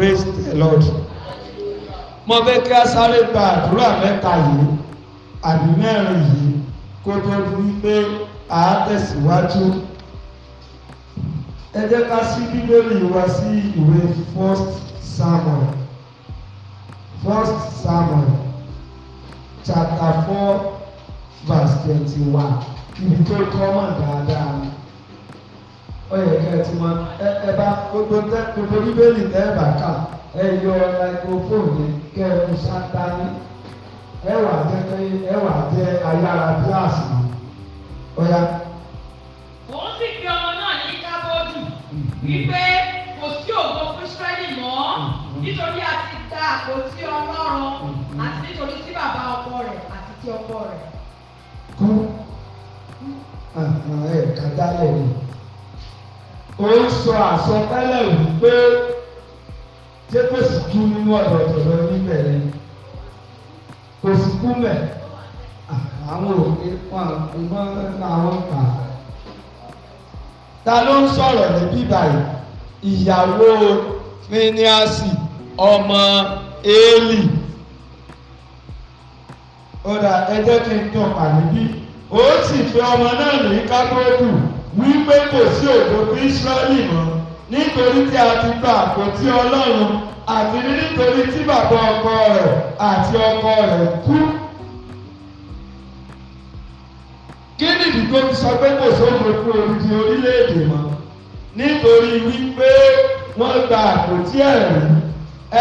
praise the lord mo fẹ́ kí a sáré gba àdúrà mẹ́ta yìí àbí mẹ́rin yìí kó tó di pé a tẹ̀síwájú ẹ jẹ́ ká sí bíbélì wa sí ìwé first samuel first samuel chapter four verse twenty-one ibi tó kọ́ mọ̀ dáadáa ó yẹ kẹ́ ẹ ti mọ ẹ bá gbogbo tẹ gbogbo bíbélì tẹ ẹ bá kà ẹ yọ microphone kẹ ẹ mú sátani ẹ wà jẹ pé ẹ wà jẹ ayára gíláàsì ó yá. òun sì fi ọmọ náà ní kábọ́ọ̀dù wípé kò sí ògo fún Ísírẹ́lì mọ́ nítorí a ti ta àpótí Ọlọ́run àti nítorí tí bàbá ọkọ rẹ̀ àti tí ọkọ rẹ̀. kú ah, ah, ẹ̀ka dálẹ̀ ni ó sọ àsọtẹ́lẹ̀ wípé ṣé kò sì kú nínú ọ̀dọ̀ ọ̀dọ̀ níbẹ̀ rẹ̀ kò sì kú mẹ̀ àwọn òkè wọn àgbọn àwọn kà á. ta ló ń sọ̀rọ̀ ní bíbá yìí ìyàwó fíníàsì ọmọ éèlì ó dà ẹ jẹ́ kí n tún pàdé bí ó sì fi ọmọ náà ní kápẹ́ẹ̀dù wípé kò sí òdodo Ísírẹ́lì mọ́ nítorí tí a ti gba àpótí Ọlọ́run àti nítorí tí bàbá ọkọ rẹ̀ àti ọkọ rẹ̀ kú. kí nìdí tó fi sọ pé kò sóhun fún olùdí orílẹ̀-èdè mọ́ nítorí wípé wọ́n gba àpótí ẹ̀rí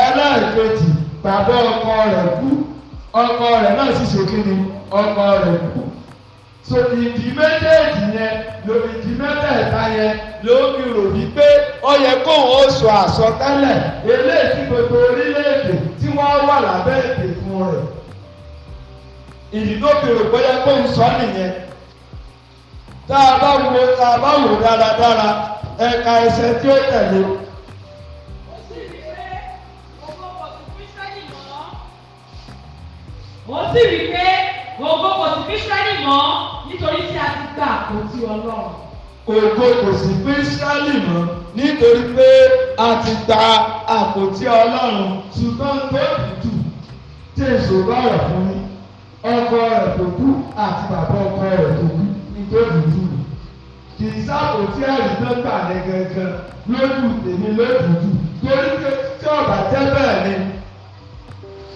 ẹlẹ́ẹ̀kejì bàbá ọkọ rẹ̀ kú ọkọ rẹ̀ náà sì ṣe kí ni ọkọ rẹ̀ kú so ìdí méjèèjì yẹn lo ìdí mẹ́tẹ̀ẹ̀ta yẹn ló fi rò wípé ó yẹ kóun ó sọ àsọtẹ́lẹ̀ eléyìí tí gbogbo orílẹ̀-èdè tí wọ́n wà lábẹ́ èdè fún rẹ̀ ìdí tó fi rò pé yẹ kóun sọ nìyẹn tá a bá wo tá a bá wò dáradára ẹ̀ka ẹsẹ̀ tí ó tẹ̀lé. mo sì rí pé. Ògo kò sí fún Ísírẹ́lì mọ́ nítorí tí a ti gba àpótí Ọlọ́run. Ògo kò sí fún mọ́ nítorí pé a ti gba àpótí Ọlọ́run ṣùgbọ́n tó dùdù tí èso bá rẹ̀ fún mi ọkọ rẹ̀ tó kú àti bàbá ọkọ rẹ̀ tó kú ní tó dùdù kì í sápòtí ẹ̀rí tó gbà ní gangan lójú tèmi lójú torí pé tí ọ̀bà jẹ́ bẹ́ẹ̀ ni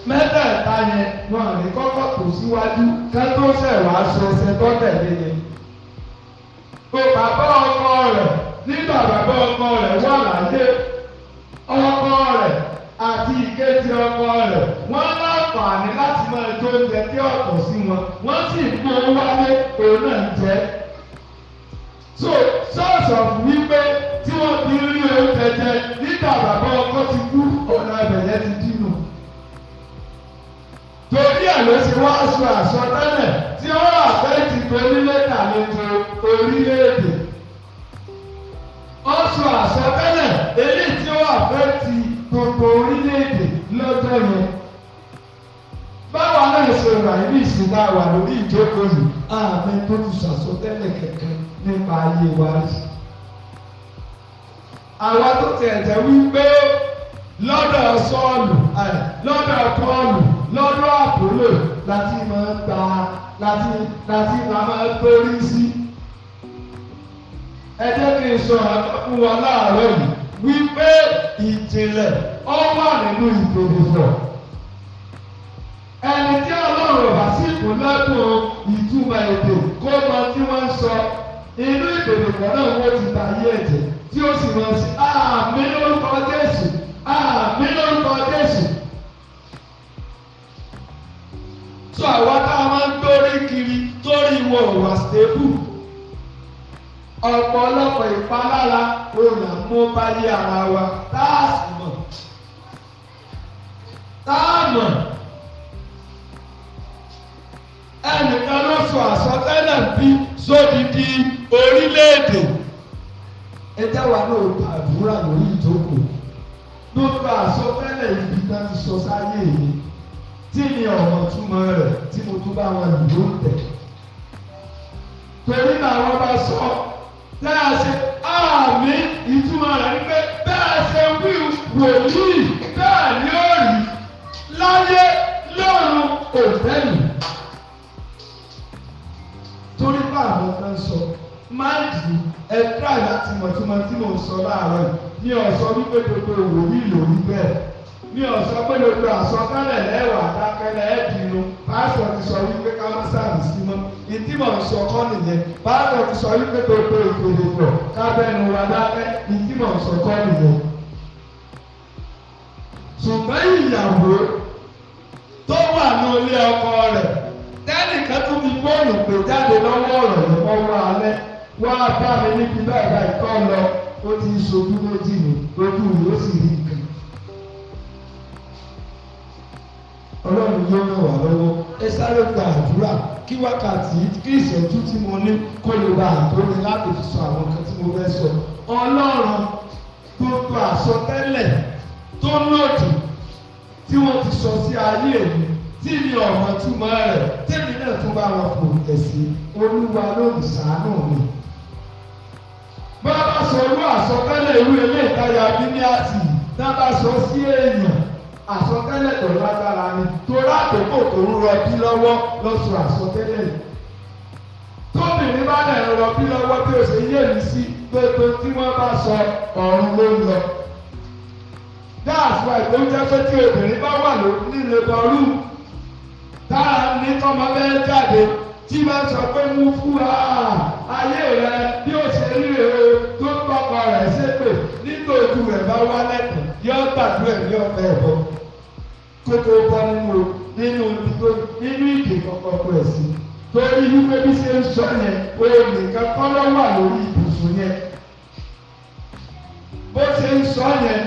mẹ́tẹ̀ẹ̀ta yẹn wọn àní kọ́kọ́ tó síwájú kẹ́tọ́ ṣẹ̀ wá ṣe ṣe tó tẹ̀lé bàbá ọkọ rẹ̀ nígbà bàbá ọkọ rẹ̀ wà láyé ọkọ rẹ̀ àti ìkejì ọkọ rẹ̀ wọ́n láǹfààní láti máa jó oúnjẹ tí ọ̀pọ̀ sí wọn wọ́n sì gbé wálé òun náà jẹ́. so source of wípé tí wọ́n ti rí oúnjẹ jẹ nígbà bàbá ọkọ ti kú ọ̀nà ẹ̀bẹ̀yẹ ti d torí ẹ̀ ló ṣe wá aṣọ àsọtẹ́lẹ̀ tí ó rà fẹ́ ti torílé tàlejò orílẹ̀-èdè. ọṣọ àsọtẹ́lẹ̀ eléyìí tí ó rà fẹ́ ti gbogbo orílẹ̀-èdè lọ́jọ́ yẹn. báwa náà ṣe rà ní ìṣúná wà lórí ìjókòó yìí àmì tó ti ṣàsọtẹ́lẹ̀ kẹ̀kẹ́ nípa ayé wa rí. àwa tó tẹ̀ ẹ̀jẹ̀ wí pé lọ́dọ̀ sọ́ọ̀lù lọ́dọ̀ pọ́ọ̀lù lọ́dọ̀ àpòlò láti máa ń ta láti láti máa ń torí sí. ẹ jẹ́ kí n sọ fún wa láàárọ̀ yìí wípé ìjìnlẹ̀ ọ wà nínú ìfòfòfò ẹni tí ọlọ́run bá sì kún lọ́dún ìtumọ̀ èdè kó mọ tí wọ́n ń sọ inú ìdòdòkọ̀ náà wọ́n ti ta ayé ẹ̀jẹ̀ tí ó sì mọ̀ sí àmì lórúkọ Jésù àmì lórúkọ. so àwa táwa máa ń dórí kiri torí wọn ò wà stable ọ̀pọ̀lọpọ̀ ìpalára òòlà mú báyé ara wa táàsì mọ̀ táàmọ̀ ẹnìkan ló sọ àsọtẹ́lẹ̀ bí sódìdí orílẹ̀-èdè ẹjẹ́ wa náà gbàdúrà lórí ìjókòó ló gba àsọtẹ́lẹ̀ ìbí náà ti sọ sáyé yìí tí mi ọ̀rọ̀ túmọ̀ rẹ̀ tí mo tún bá wọn lò ó tẹ̀. torí náà bá sọ tẹ́ a ṣe àmì ìtumọ̀ rẹ̀ ni pé tẹ́ a ṣe wí wòlíì bẹ́ẹ̀ ni ó rí láyé lọ́run òtẹ́lì. torí bá àwọn kan sọ máa ń dì ẹ tíráì láti mọ̀tìmọ̀tì mò ń sọ láàárọ̀ yìí ní ọ̀sán wípé gbogbo ìwòyí lòún bẹ́ẹ̀ mi ò sọ pé gbogbo àsọkálẹ̀ lẹ́wà dákẹ́lẹ́ ẹ̀dínú pásítọ̀ ti sọ wípé ká má sàrìsí mọ́ ìdí mọ̀ sọ kọ́ nìyẹn pásítọ̀ ti sọ wípé gbogbo ìgbòdògbò kábẹ́nu wa dákẹ́ ìdí mọ̀ sọ kọ́ nìyẹn. ṣùgbọ́n ìyàwó tó wà ní ilé ọkọ rẹ̀ tẹ́nìkan tó fi fóònù pè jáde lọ́wọ́ ọ̀rọ̀ lọ́wọ́ alẹ́ wá bá mi níbi báyìí báyìí kọ́ lọ ó ti ṣojú méjì ní ojú mi ó sì rí nǹkan. ọlọ́run yóò ràn wá lọ́wọ́ ẹ sáré gba àdúrà kí wákàtí kí ìṣẹ́jú tí mo ní kó lè ba àtọ́ni láti fi sọ àwọn nǹkan tí mo fẹ́ sọ ọlọ́run gbogbo àsọtẹ́lẹ̀ tó lòdì tí wọ́n ti sọ sí ayé mi tí mi ọ̀mọ̀ túmọ̀ rẹ̀ tèmi náà tún bá wọn kò tẹ̀sí olúwa lórí ṣàánú mi. bá a bá sọ irú àsọtẹ́lẹ̀ irú eléyìí táyà bí ní àtì tá a bá sọ sí èèyàn àsọtẹ́lẹ̀ tó lágbára ni torí àkókò tó ń rọbí lọ́wọ́ lọsọ àsọtẹ́lẹ̀ yìí tóbìnrin bá dẹ̀ ń rọbí lọ́wọ́ tí o ṣe yé mi sí gbogbo tí wọ́n bá sọ ọ̀run ló ń lọ that's why tó ń jẹ́ pé tí obìnrin bá wà nílé bọ́ọ̀lù tára ní tọ́mọ bẹ́ẹ̀ jáde tí bá sọ pé mú fún wa ayé rẹ bí ó ṣe rí rẹ o tó ń tọkọ rẹ ṣépè nítorí rẹ bá wá lẹ́kọ̀ọ́ yọ gbàdúrà ní ọ̀fẹ́ ẹ̀bọ tó tó bọ́ nínú nínú ìdìbò nínú ìdè kọ̀kọ̀kọ̀ ẹ̀sìn torí wípé bí ṣe ń sọ yẹn o nìkan kọ́ ló wà lórí ibùsùn yẹn bó ṣe ń sọ yẹn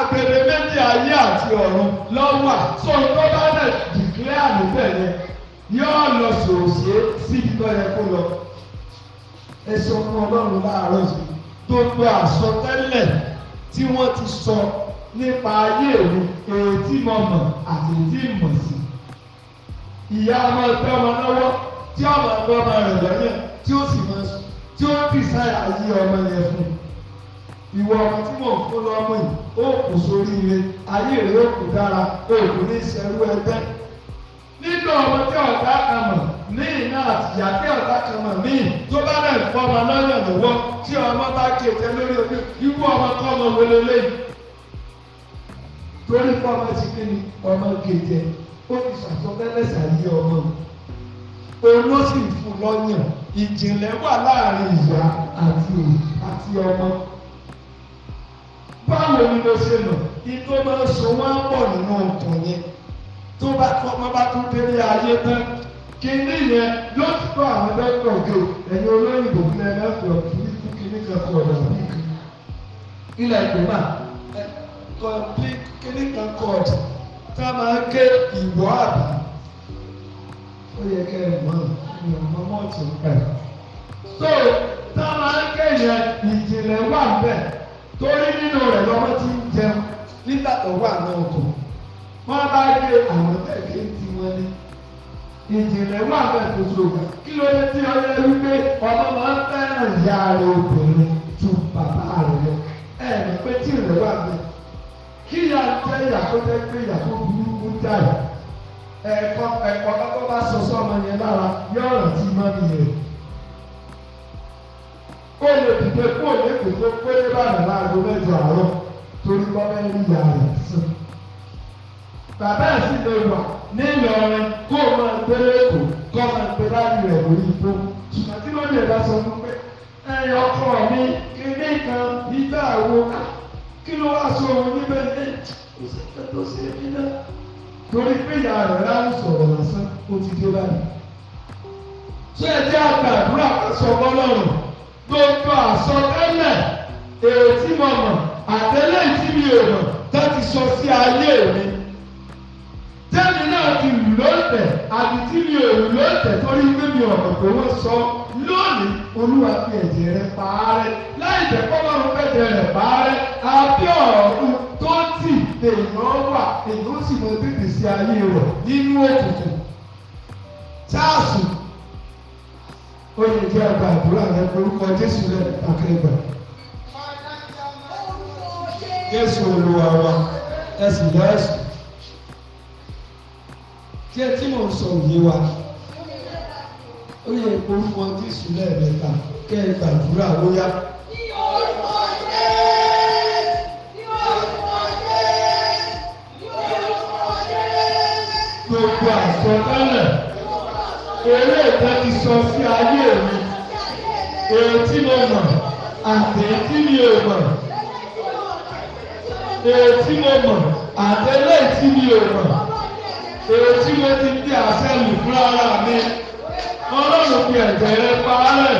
agbèrè méjì ayé àti ọ̀run lọ́wọ́ àtọ́ tó bá dẹ̀ dìklẹ́ àníbẹ̀ yẹn yóò lọ sòòsì síbi tó yẹ kó lọ ẹsẹ̀ ọmọ ọlọ́run láàárọ̀ yìí tó gbé àsọtẹ́lẹ̀ tí wọ́n ti sọ nípa ayé òun èyí tí mo mọ̀ àti èyí tí mo sì. ìyá ọmọ ẹgbẹ́ ọmọ lọ́wọ́ tí ọmọ ẹgbẹ́ ọmọ rẹ̀ lẹ́yìn tí ó sì máa tí ó dìsáyà ayé ọmọ yẹn fún un. ìwọ ọmọ tí mò ń fún lọ́mọ yìí ó kù sórí ire ayé rẹ̀ ó kù dára ó kù ní ìṣẹ́rú ẹgbẹ́. nínú ọmọ tí ọ̀gá kan mọ̀ ní iná àtìyá tí ọ̀gá kan mọ̀ míì tó bá rẹ̀ fọmọ lọ́yàn lọ́wọ́ tí ọmọ bá kéde lórí omi irú ọmọ kọ́ ọmọ wọlé lẹ́yìn torí kọ́ ọmọ ti kí ni ọmọ gèjẹ ó ti ṣàtọ́lẹ́lẹ́sà yí ọmọ òun ló sì fún lọ́yàn ìjìnlẹ̀ wà láàrin ìyá àti àti ọmọ báwo ni mo ṣe lọ igbó máa ń so wọn pọ̀ nínú ọkàn yẹn tó bá tọ́ ọmọ bá tún délé ayé tán kíní yẹn ló ti kọ́ àwọn dọ́kítọ̀ òkè ẹ̀yin olóyìnbó fúnlẹ̀ mẹ́fọ̀ fún kíní kan kọ̀ ọ̀dà bíi ilẹ̀ ìgbìmọ̀ complete kíní kan court tá a máa ké ìwọ àbá ó yẹ kẹ́ ẹ̀ mọ́ ìyẹn mọ́ mọ́ tó ń pẹ̀. so tá a máa ké yẹn ìjìnlẹ̀ wà bẹ́ẹ̀ torí nínú rẹ̀ lọ́mọ tí ń jẹun nígbà tó wà náà kù wọ́n bá gé àwọn tẹ̀lé tí wọ́n ní ìjìnlẹ̀ wà bẹ́ẹ̀ tó tó gbà kí ló dé tí ọyẹ wípé ọmọ máa ń fẹ́ràn ìyá rẹ̀ obìnrin ju bàbá rẹ̀ lọ ẹ̀ ní pé tí ìrẹ̀ wà bẹ́ẹ̀ kí ya jẹ́ ìyàtọ̀ jẹ́ pé ìyàtọ̀ burúkú jáì ẹ̀kọ́ ẹ̀kọ́ lọ́kọ́ bá sọ sọ́mọ yẹn lára yọ̀ọ̀rọ̀ tí má mi yẹn. ó lè dìde kó o lè pèsè péré báyìí láago mẹ́jọ àárọ̀ torí kọ́ bẹ́ẹ̀ ní ìyá rẹ̀ sùn. bàbá ẹ̀ sì ní Ìlọrin kó o máa gbé lẹ́kọ̀ọ́ kó o máa gbé láàyè rẹ̀ lórí igbó. ṣùgbọ́n kí ló lè dá sọ fún pé ẹ̀yọ̀ ọkọ mi kí ní kan kí ló wá sọ òun níbẹ̀ ní kò sí nǹkan tó ṣe mí náà torí pé ìyá rẹ̀ láwùn sọ̀rọ̀ lásán ó ti dé báyìí. ṣé ẹ jẹ́ àgbàdúrà sọ bọ́lọ́run gbogbo àsọtẹ́lẹ̀ èrò tí mo mọ̀ àtẹ́lẹ̀ tí mi ò mọ̀ láti sọ sí ayé mi tẹ́mi náà ti wù lóòtẹ̀ àbí tí mi ò wù lóòtẹ̀ torí pé mi ọ̀rọ̀ tó wọ́n sọ lónìí olúwa fi ẹ̀jẹ̀ rẹ̀ pààrẹ̀ láì jẹ́ kọ́lọ́run fẹ̀jẹ̀ rẹ̀ pààrẹ̀ àbí ọ̀rọ̀ tó tì èèyàn wà èèyàn sì mọ tètè sí ayé rẹ̀ nínú òkùnkùn ṣáàsù oyè jẹ́ àgbà àdúrà rẹ̀ orúkọ Jésù rẹ̀ àkẹ́gbà Jésù Olúwa wa ẹ̀sìn lẹ́sùn díẹ̀ tí mò ń sọ òye wa ó yẹ kó orúkọ Jésù lẹ́ẹ̀mẹ́ta kẹ́ ẹ gbàdúrà lóyá. gbogbo àsọtẹ́lẹ̀ eré ìtàn ti sọ sí ayé mi èyí tí mo mọ̀ àti èyí tí mi ò mọ̀ èyí tí mo mọ̀ àti eléyìí tí mi ò mọ̀ èrò tí mo ti dé àṣẹlù fún ara mi ọlọ́run fi ẹ̀jẹ̀ rẹ parẹ́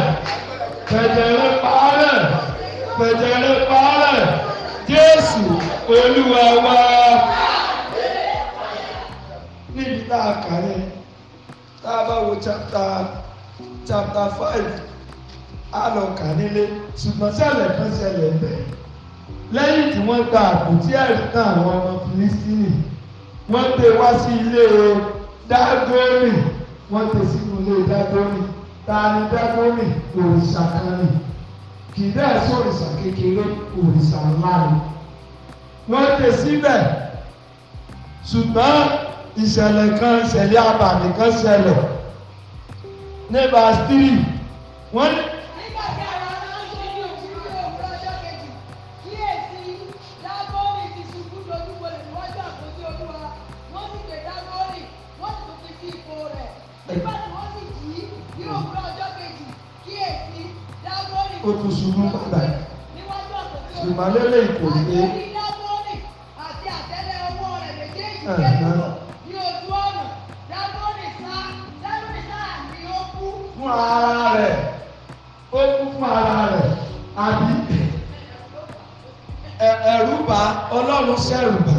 ẹ̀jẹ̀ rẹ parẹ́ ẹ̀jẹ̀ rẹ parẹ́ Jésù Olúwa wa níbi tá a kà yẹn tá a bá wo chapter chapter five a lọ kà nílé ṣùgbọ́n ṣẹlẹ̀ kan ṣẹlẹ̀ bẹ́ẹ̀ lẹ́yìn tí wọ́n gba àpótí ẹ̀rí náà àwọn ọmọ Fílístínì wọ́n gbé wá sí ilé dágómì wọ́n gbé sínú ilé dágómì ta ni dágómì òrìṣà kan ni kì í dẹ́ sí òrìṣà kékeré òrìṣà ńlá ni wọ́n gbé síbẹ̀ ṣùgbọ́n ìṣẹ̀lẹ̀ kan ṣẹlẹ̀ abàmì kan ṣẹlẹ̀ ní verse wọ́n ní. ó tún ṣubú padà ṣùgbọ́n lélẹ̀ kò dé. fún ara rẹ̀ ó kú fún ara rẹ̀ àbí ẹ̀rù bá ọlọ́run ṣẹ̀rù bá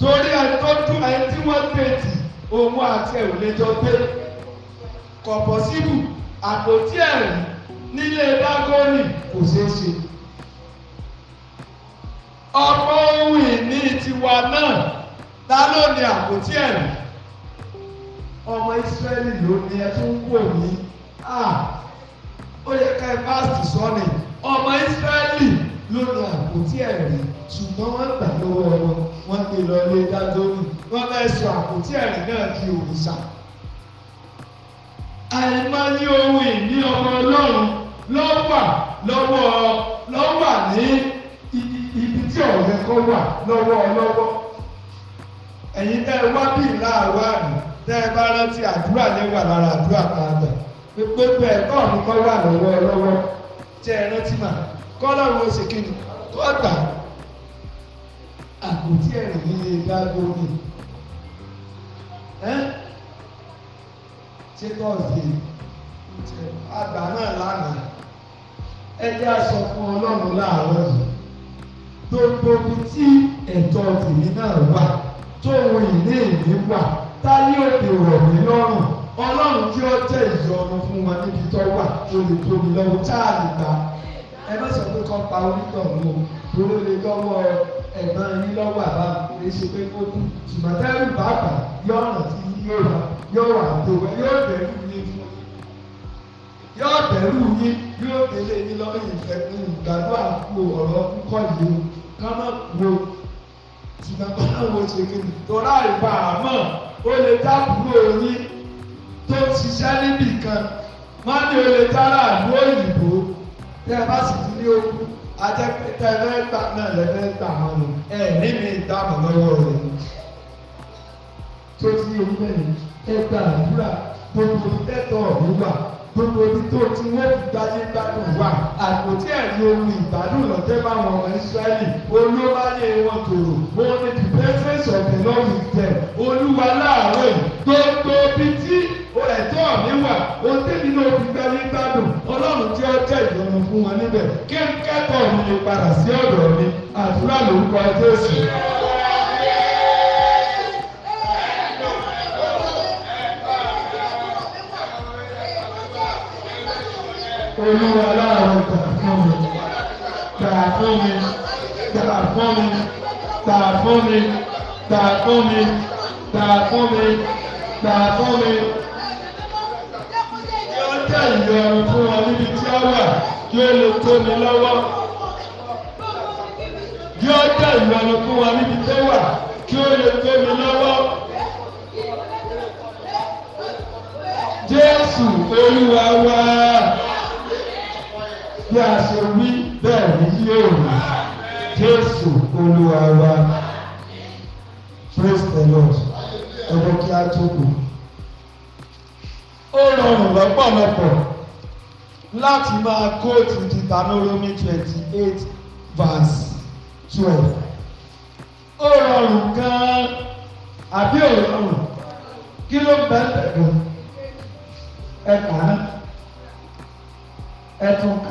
torí ẹni tó dún ẹni tí wọ́n tètè òun àti ẹ̀rù lè jọ pé kọ̀pọ̀ síbù àpótí ẹ̀rù nílé dágọ́nì kò ṣeé ṣe. ọ̀pọ̀ ohun ìní tiwa náà ta ló ní àpótí ẹ̀rí ọmọ Ísírẹ́lì ló ní ẹ tó ń wò ní ó yẹ ká ẹ bá sọ ni ọmọ Ísírẹ́lì ló ní àpótí ẹ̀rí ṣùgbọ́n wọ́n gbà lọ́wọ́ wọn wọ́n gbé lọ ilé dágọ́nì wọ́n fẹ́ sọ àpótí ẹ̀rí náà di òrìṣà àìmọye ohun ìní ọmọ ọlọ́run lọ́wà lọ́wọ́ lọ́wà ní ibi tí ọ̀rẹ́ kọ́ wà lọ́wọ́ lọ́wọ́ ẹ̀yin tẹ́ ẹ wá bí láàárọ̀ àná tẹ́ ẹ bá rántí àdúrà yẹn wà lára àdúrà padà pé bẹ́ẹ̀ náà ni kọ́ wà lọ́wọ́ lọ́wọ́ tẹ́ ẹ rántí mà kọ́ lọ́run ó sì kí ni tó gbà àpótí ẹ̀rìn yìí lè dá lórí ẹ́ ṣé tọ́sí àgbà náà lánàá ẹ jẹ́ aṣọ fún ọlọ́run láàárọ̀ yìí gbogbo ibi tí ẹ̀tọ́ tèmi náà wà tó ohun ìní èmi wà táyé òde rọ̀ mí lọ́rùn ọlọ́run tí ó jẹ́ ìyọnu fún wọn níbi tó wà tó lè tóbi lọ́wọ́ táàlì gbà ẹ má sọ pé kọ́ pa onítọ̀hún o torí ó lè dọ́wọ́ ẹ̀gbọ́n yín lọ́wọ́ àbá kò lè ṣe pé kó kú ṣùgbọ́n tẹ́lẹ̀ bàbà yọ̀ọ̀nà tí yóò rà yóò wà tó yóò dẹ̀rù yín yóò dẹ̀rù yín yóò délé yín lọ́rùn ìfẹ́ nínú ìgbàdúrà ọ̀rọ̀ kúkọ́ yìí o ká má kú o àwọn ṣe ni tọ́lá ìgbà àmọ́ ó lè dá kúrò yín tó ṣiṣẹ́ níbì kan má ní o lè dára ìlú òyìnbó tẹ́ bá sì ti ní okú ajẹ́pẹ́tẹ́ lẹ́gbàá náà lẹ́gbàá àwọn ọ̀rọ̀ ní mi dáàbò lọ́wọ́ rẹ̀ tó ti yẹ orí bẹ́ẹ̀ ẹgbà àdúrà gbogbo ẹ̀tọ́ òwúwà gbogbo ibi tó ti wọ́n fi gbáyé gbádùn wà àpótí ẹ̀rí omi ìgbádùn lọ́jẹ́ báwọn ọmọ ìsírẹ́lì olóbáyé wọn tòrò wọn ni the presence of the Lord is there olúwa láàárọ̀ gbogbo ibi tí ẹ̀tọ́ mi wà ohun tẹ́mi náà fi gbáyé gbádùn ọlọ́run tí ó jẹ́ ìdùnnú fún wọn níbẹ̀ kí n kẹ́kọ̀ọ́ mi padà sí ọ̀dọ̀ mi àdúrà lórúkọ Jésù. olúwa láàárọ̀ ìgbà fún mi gbà fún mi gbà fún mi gbà fún mi gbà fún mi gbà fún mi gbà fún mi. yóò jẹ́ ìyọnu fún ọ níbi tí ó wà kí ó lè tó mi lọ́wọ́ yóò jẹ́ ìyọnu fún wa níbi tó wà kí ó lè gbé mi lọ́wọ́. Jésù Olúwa wá bí a ṣe wí bẹ́ẹ̀ ni yóò rí Jésù Olúwa praise the Lord ẹ̀rọ kí a tó kù. ó rọrùn lọ́pọ̀lọpọ̀ láti máa kóòtù Deuteronomy twenty eight verse twelve ó rọrùn gan-an àbí ò rọrùn kí ló ń bẹ́ẹ̀ bẹ̀ gan-an ẹ kà tún kà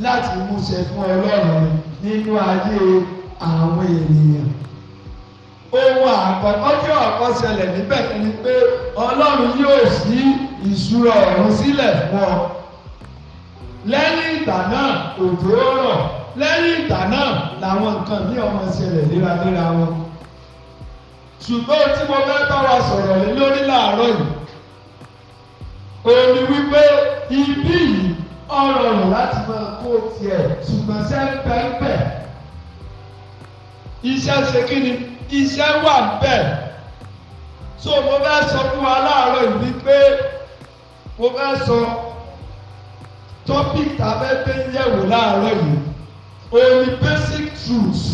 láti múṣẹ fún ọlọ́run nínú ayé àwọn ènìyàn. ohun àkọ́kọ́ tí ọ̀kọ́ ṣẹlẹ̀ níbẹ̀ ni pé ọlọ́run yóò ṣí ìṣúra ọ̀run sílẹ̀ fún ọ. lẹ́yìn ìgbà náà òjò rọ̀ lẹ́yìn ìgbà náà làwọn nǹkan ní ọmọ ṣẹlẹ̀ léraléra wọn. ṣùgbọ́n tí mo fẹ́ bá sọ̀rọ̀ lórí láàárọ̀ yìí òní wípé ibí yìí ọrọrùn láti máa kó tiẹ̀ ṣùgbọ́n ṣe ń pẹ́ńpẹ́ iṣẹ́ ṣe kí ni iṣẹ́ wà bẹ́ẹ̀ so mo fẹ́ sọ fún wa láàárọ̀ yìí pé mo fẹ́ sọ topic tàbẹ́ gbé yẹ̀wò láàárọ̀ yìí only basic truths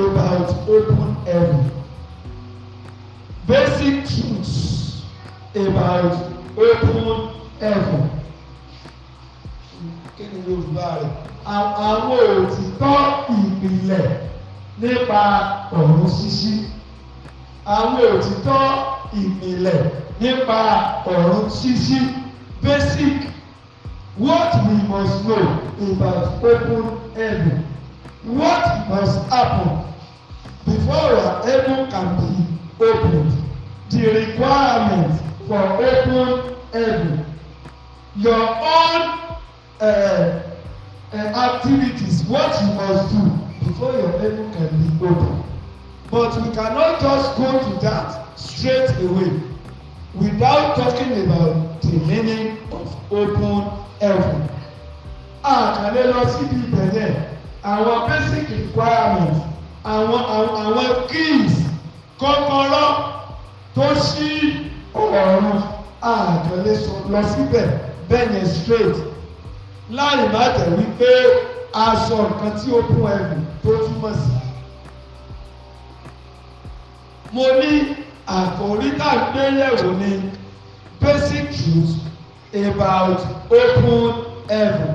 about open heaven basic truths about open heaven kí ni Yorùbá rẹ̀ àwọn òtítọ́ ìpìlẹ̀ nípa ọ̀run ṣíṣí àwọn òtítọ́ ìpìlẹ̀ nípa ọ̀run ṣíṣí basic what we must know about open heaven what must happen before our heaven can be opened the requirement for open heaven your own uh, uh, activities what you must do before your level can be open but we cannot just go to that straight away without talking about the meaning of open heaven àkàlẹ́ lọ síbi ìbẹ̀rẹ̀ Our basic requirements our our keys kọ́kọ́rọ́ tó ṣí ọ̀run àkàlẹ́ lọ síbẹ̀ bẹ́ẹ̀ yẹn straight láì má jẹ́ wípé aṣọ nǹkan tí ó kún ẹrù tó túmọ̀ sí. mo ní àkòrí tá a gbé yẹ̀wò ní basic truths about open heaven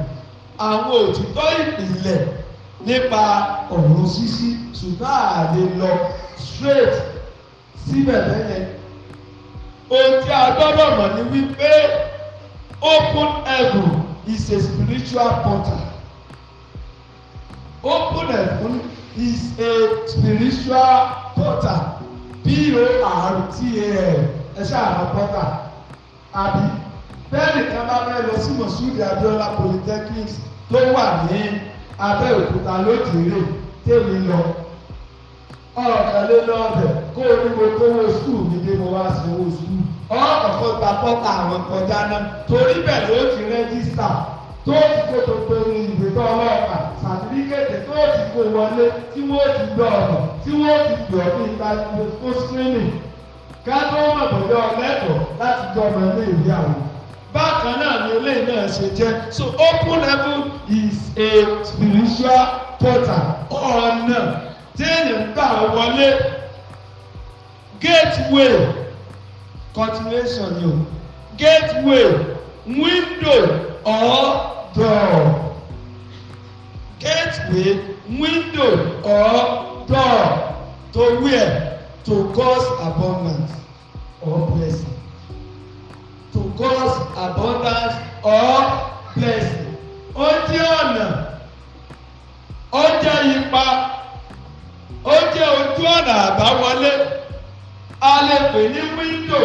àwọn òtítọ́ ìpìlẹ̀ nípa ọ̀run ṣíṣí ṣùgbọ́n àlè lọ straight síbẹ̀ lẹ́yìn ohun tí a gbọ́dọ̀ mọ̀ ni wípé open heaven is a spiritual portal. Open heaven is a spiritual portal. P-O-R-T-A-L. Ẹ ṣáà lọ portal. Àbí bẹ́ẹ̀ni kan bá fẹ́ lọ sí Mọ̀súdì Abiola Polytechnics tó wà ní Abẹ́òkúta lójúire tèmi lọ ọ̀kàlẹ́ kó o ní mo kówó skul mi dé mo wá sanwó skul ọ̀kọ̀ọ̀kan gba pọ́tà àwọn kọjá náà torí bẹ́ẹ̀ ló ti rẹ́gísítà tó ti kó tó pé ní ìwé tó ọlọ́ọ̀pá sàtífíkẹ́tì tó ti kó wọlé tí wọ́n ti gbọ́ ọ̀nà tí wọ́n ti gbọ́ ní ìta kó skírínì ká tó mọ̀ bọ̀dọ̀ ọ̀lẹ́kọ̀ọ́ láti jọ ọmọ ilé ìwé àwọn bákan náà ni ilé náà ṣe jẹ́ so open level is a spiritual portal ọ̀nà téèyàn gbà wọlé gateway continuation ni o gateway window or door gateway window or door to where to cause abundance or blessing to cause abundance or blessing ó jẹ́ ọ̀nà. ó jẹ́ ojú ọ̀nà àbáwọlé a lè pè ní wíńdò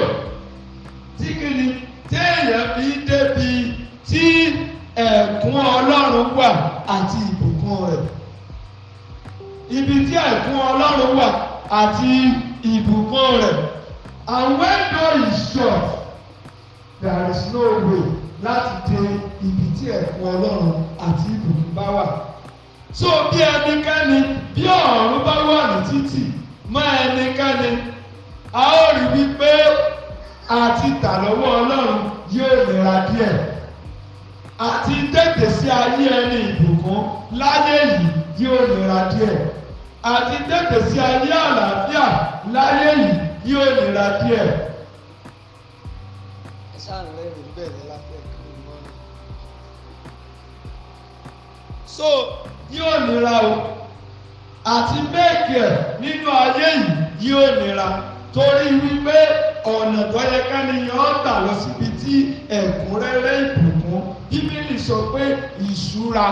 tí kìíní téèyàn fi débi tí ẹ̀kún ọlọ́run wà àti ìbùkún rẹ̀ ibi tí ẹ̀kún ọlọ́run wà àti ìbùkún rẹ̀ and when door is shut there is no way láti dé ibi tí ẹ̀kún ọlọ́run àti ìbùkún bá wà so bí ẹnikẹ́ni bí ọ̀run bá wà ní títì mọ́ ẹnikẹ́ni a ó rí wípé àti tà lọ́wọ́ ọlọ́run yóò nira díẹ̀ àti tètè sí ayé ẹni ìbùkún láyé yìí yóò nira díẹ̀ àti tètè sí ayé àlàáfíà láyé yìí yóò nira díẹ̀. so yóò nira o àti méèkì ẹ̀ nínú ayé yìí yóò nira torí wípé ọ̀nà tó yẹ kániyàn ọ̀tà lọ síbi tí ẹ̀kúnrẹ́rẹ́ ìbùkún bíbélì sọ pé ìṣúra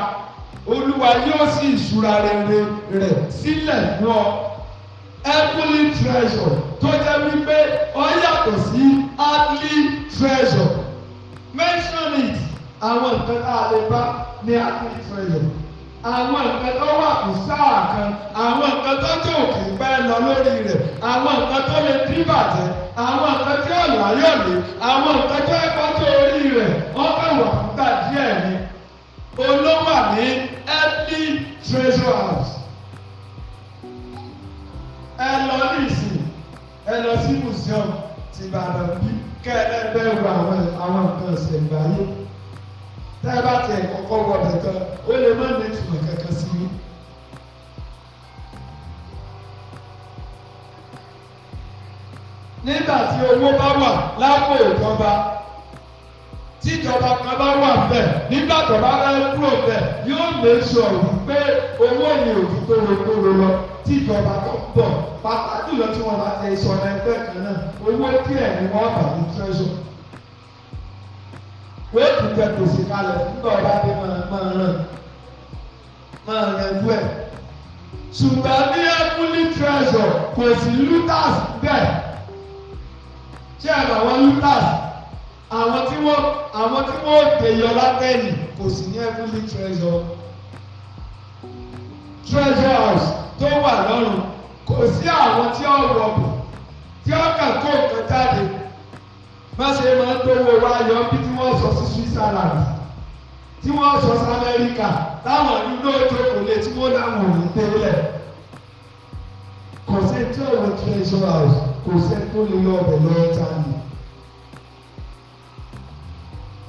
olúwa yóò sì ìṣúra rere rẹ̀ sílẹ̀ fún ọ heavenly treasure tó jẹ́ wípé ó yàtọ̀ sí earthly treasure mention it àwọn nǹkan tá a lè bá ní earthly treasure àwọn nǹkan tó wà kù sáà kan àwọn nǹkan tó jẹ́ òkè pẹ́ lọ lórí rẹ̀ àwọn nǹkan tó lè dín bàjẹ́ àwọn nǹkan tí ọ̀nà ayé mi àwọn nǹkan tó ẹ̀kọ́ tó orí rẹ̀ wọ́n fẹ́ wà fúngbà díẹ̀ ni olówà ní earthly treasure house ẹ lọ ní ìsìn ẹ lọ sí museum ti Ìbàdàn bí kẹ́ ẹ lẹ́gbẹ̀ẹ́ wo àwọn nǹkan ṣẹ̀ǹbáyé tẹ́ ẹ bá tẹ kọ́kọ́ wọ ọbẹ̀ tán ó lè má ní ìtumọ̀ kankan sí i. nígbà tí owó bá wà lápò ìjọba tíjọba kan bá wà bẹ̀ nígbà tó bá rẹ kúrò bẹ̀ yóò lè sọ wípé owó yìí ò fi kórokóró lọ tíjọba tó ń bọ̀ pàtàkì lọ tí bá tẹ ìsọ̀rọ̀ ẹgbẹ́ kan náà owó díẹ̀ ni wọ́n bá ní treasure wéé tún jẹ gbèsè kalẹ̀ nígbà ọba dé máa máa ràn máa yanjú ẹ̀. ṣùgbọ́n ní ẹkúnlí treasure kò sí lutas bẹ́ẹ̀ ṣé àgbà wọn lutas àwọn tí wọ́n àwọn tí wọ́n dè yọ látẹ̀lì kò sí ní ẹkúnlí treasure treasure house tó wà lọ́rùn kò sí àwọn tí ó rọ̀bù tí ó kà kó nǹkan jáde. má ṣe máa ń dówó wa bí tí wọ́n sọ sí Switzerland tí wọ́n sọ sí Amẹ́ríkà táwọn nínú kò tí wọ́n òní kò sí tí ọ̀rọ̀ house kò sí tó lè lọ ọbẹ̀ ni.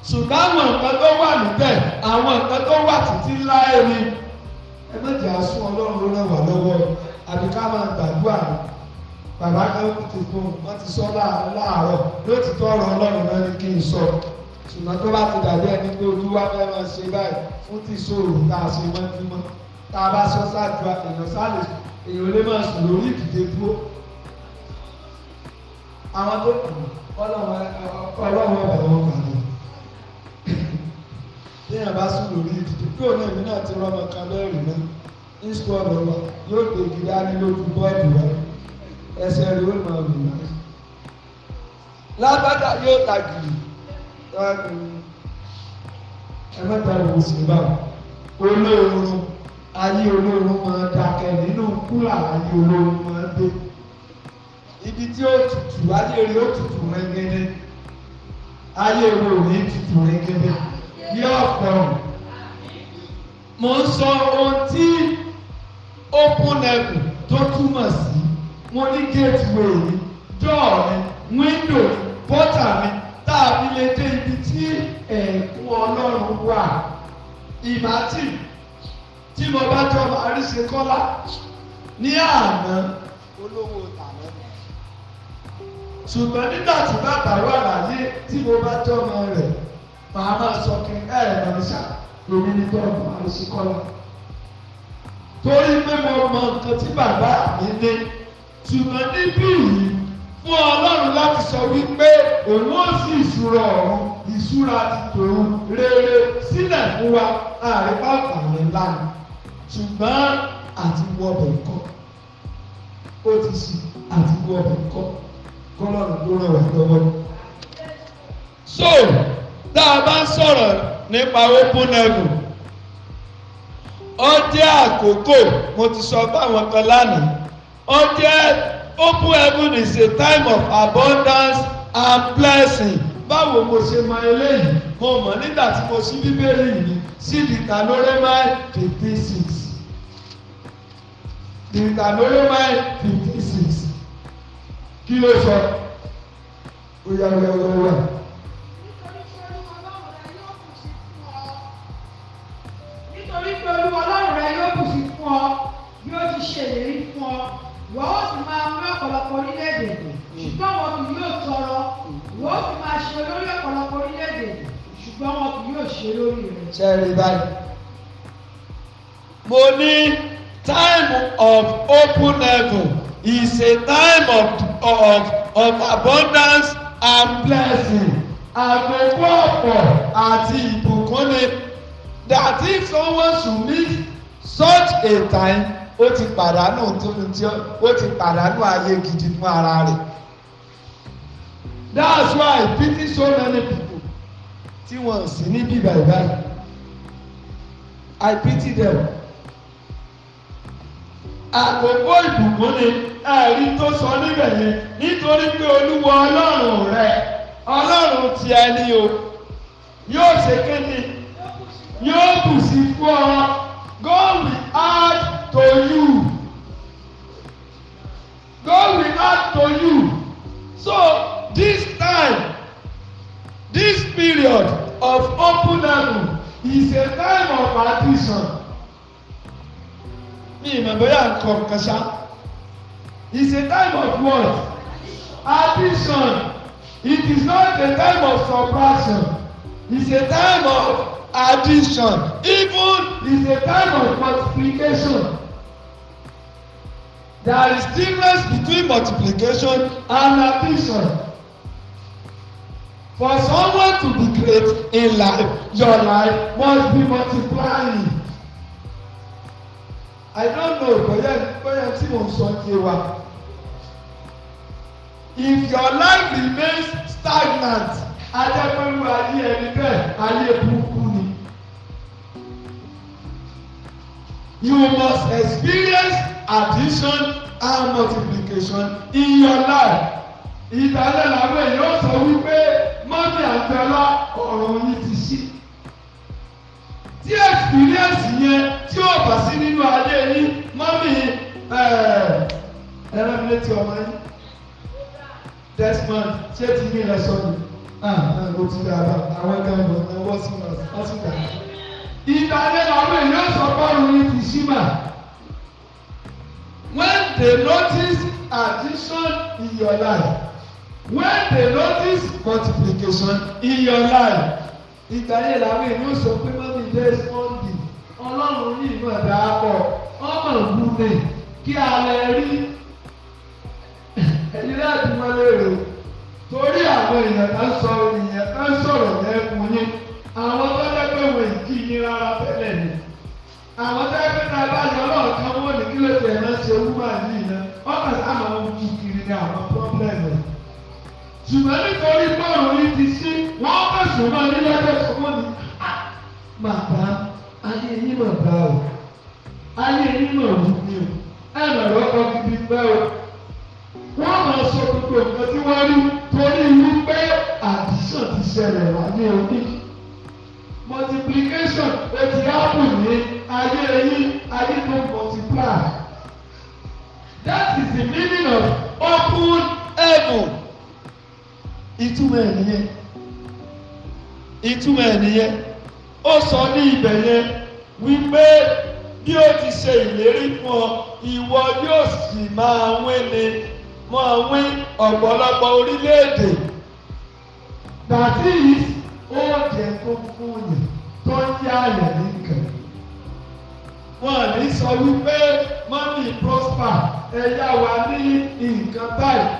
ṣùgbọ́n àwọn nǹkan tó wà níbẹ̀ àwọn nǹkan tó wà títí láì ni ẹ Ọlọ́run ló ràn wá lọ́wọ́ bàbá kan ti fún un wọ́n ti sọ láàárọ̀ yóò ti tọ́ ọ̀rọ̀ ọlọ́run náà ní kí n sọ ṣùgbọ́n tó bá ti dàbí ẹni pé ojú wa fẹ́ máa ṣe báyìí fún ti ṣòro tá a ṣe mọ́júmọ́ tá a bá sọ ṣáàdúrà èèyàn sáàlè èèyàn lè máa sùn lórí ìdíje dúró àwọn tó kù ọlọ́run ọlọ́run ọ̀bà wọn kà ní téèyàn bá sùn lórí ìdíje kí òun èmi náà ti rọmọ kan lẹ́rìí náà ní sùkúl wa yóò dé ìdílé á ní lójú bọ́ọ̀dù wa ẹsẹ̀ rẹ̀ ó máa bì náà lábàdà yóò tàgìrì ẹ mẹ́ta lòun sì bá olóorun ayé olóorun máa dákẹ́ nínú kúlà ayé olóorun máa dé ibi tí ó tutù ayé rẹ̀ ó tutù rẹ́gẹ́dẹ́ ayé olóorun yìí tutù rẹ́gẹ́dẹ́ ní ọ̀pọ̀ mo ń sọ ohun tí ó kún lẹ́kùn tó túmọ̀ sí mo ní gateway mi door mi window mi bọ́tà mi tá a fi lè dé ibi tí ẹ̀kún ọlọ́run wà ìmátì tí mo bá jọ àríṣe kọ́lá ní àná olówó tàná ṣùgbọ́n nígbà tí bàbá wà láyé tí mo bá jọmọ rẹ̀ màá máa sọ kí ẹ ẹ̀ lọ ṣá lórí nígbà ọ̀gbọ̀n àríṣe kọ́lá torí pé mo mọ nǹkan tí bàbá mi ní ṣùgbọ́n níbí yìí fún ọlọ́run láti sọ wípé òun ó sì ìṣúra ọ̀run ìṣúra ti tòun rere sílẹ̀ fún wa láàrin pàápàá ńlá ṣùgbọ́n àti wọ́bẹ̀ kọ́ ó ti sì àti wọ́bẹ̀ kọ́ kọ́lọ́run tó ràn wá lọ́wọ́. so tá a bá sọ̀rọ̀ nípa open level ó jẹ́ àkókò mo ti sọ fáwọn kan lánàá hundred open heaven is a time of abundance and blessing. báwo mo ṣe mọ eléyìí mo mọ̀ nígbà tí mo ṣí bíbélì mi sí dìtàlórémáì fifty six dìtàlórémáì fifty six kí ló sọ ó yà wíyà wíyà wíyà. nítorí pé olúwa ọlọ́run rẹ yóò bù sí fún ọ bí ó ti ṣèlérí fún ọ wọ́n ó sì máa mú ọ̀pọ̀lọpọ̀ orílẹ̀-èdè ṣùgbọ́n wọn kì yóò tọrọ wọ́n ó sì máa ṣe olórí ọ̀pọ̀lọpọ̀ orílẹ̀-èdè ṣùgbọ́n wọn kì yóò ṣe lórí rẹ̀. ṣe rí báyìí. mo ní time of open level is a time of of of abundance and blessing àgbẹ̀kọ́ ọ̀pọ̀ àti ìbùkún ni that if someone should meet such a time ó ti pàdánù tóun tí ó ti pàdánù ayé gidi fún ara rẹ̀ that's why pity so many people tí wọ́n sì ní bí bàbá i pity them àkókò ìbùkún ni ẹ̀rí tó sọ níbẹ̀ yẹn nítorí pé olúwa ọlọ́run rẹ̀ ọlọ́run ti ẹni o yóò ṣe kéde yóò bù sí fún ọ God will add to you. God will add to you. So this time, this period of open heaven is a time of addition. Me, my boy, I'm called Kasha. It's a time of what? Addition. It is not a time of subtraction. It's a time of addition. Even it's a time of multiplication. There is difference between multiplication and addition. For someone to be great in life, your life must be multiplying. I don't know bóyá bóyá tí mo sọ yé wa. If your life remains stagnant, ajẹ́pẹ́rú ayé ẹni bẹ́ẹ̀ ayé You must experience addition and multiplication in your life. ìdálẹ́ làwọn èèyàn sọ wípé mọ́mí àtẹlá ọ̀rọ̀ yìí ti ṣí. tí experience yẹn tí ó bá sí nínú ayé yín mọ́mí eh, ẹran létí ọmọ yín Desmond ṣé ti ní ilẹ̀ sọ́dún ó ah, ah, ti dà bá àwọn ẹgbẹ́ ọ̀gbọ̀n náà wọ́n sì dà. ìdálẹ́ làwọn èèyàn sọ bọ́ọ̀lù yìí ti ṣí mà when they notice addition in your life when they notice multiplication in your life ìgbà yẹn làwọn èèyàn sọ pé mọ́mí dé sunday ọlọ́run ní ìmọ̀ dáàbọ̀ ọmọ ìbúni kí alẹ́ rí ẹni láti mọ lérò torí àwọn èèyàn kan sọ èèyàn kan sọ̀rọ̀ lẹ́kùn yín àwọn tó dẹ́gbẹ̀wò ìkíni rárá tẹ́lẹ̀ ni àwọn tẹ́lifí náà bá yọ ọlọ́run kan wọ́n ní kí ló ti ẹ̀ máa ṣe wúmọ̀ yìí náà ọ̀nà sáà máa ń ju kiri ní àwọn pọ́blẹ́mù ṣùgbọ́n nítorí bọ́ọ̀lù yìí ti sí wọ́n fẹ̀sùn náà nílé ẹgbẹ́ tó wọ́n ní màbá ayé yín màbá o ayé yín màbú ni o ẹ màrọ ọkọ gidi pẹ́ o wọ́n máa sọ gbogbo nǹkan tí wọ́n rí torí ìlú pé àdìsàn ti ṣẹlẹ̀ wá ní orí multiplication ó ti ní ayé yín ayé tó multiply. That is the meaning of open heaven. Ìtumọ̀ ẹ̀ nìyẹn. Ìtumọ̀ ẹ̀ nìyẹn. Ó sọ ní ibẹ̀ yẹn wípé bí ó ti ṣe ìlérí fún ọ ìwọ yóò sì máa wín ni máa wín ọ̀pọ̀lọpọ̀ orílẹ̀-èdè. That is ó jẹ́ tó fún yẹn tó ń yá yẹn ní wọn ní sọ wípé money. prosper ẹ̀yà wa ní nǹkan báyìí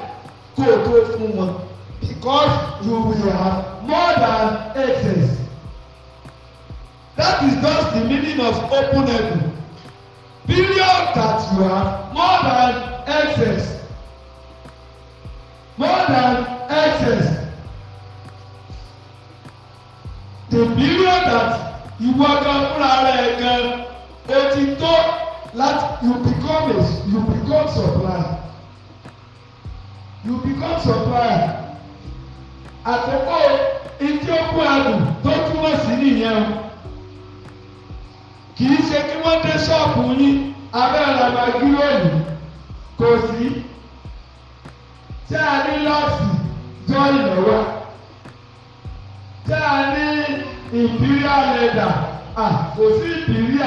kó tó fún wọn because you will have more than excess that is just the meaning of open heaven period that you have more than excess more than excess the billion that you work gan fúnra rẹ gan ètí tó láti you become a you become supplier you become supplier àkókò ìdí òkú àdùn tó túmọ̀ sí nìyẹn o kì í ṣe kí wọ́n dé ṣọ́ọ̀bù yín abẹ́ ọ̀làmà gíròyìn kò sí tí a ní lọ́ọ̀sì jọ ìnáwó tí a ní imperial leather kò sí ìdílé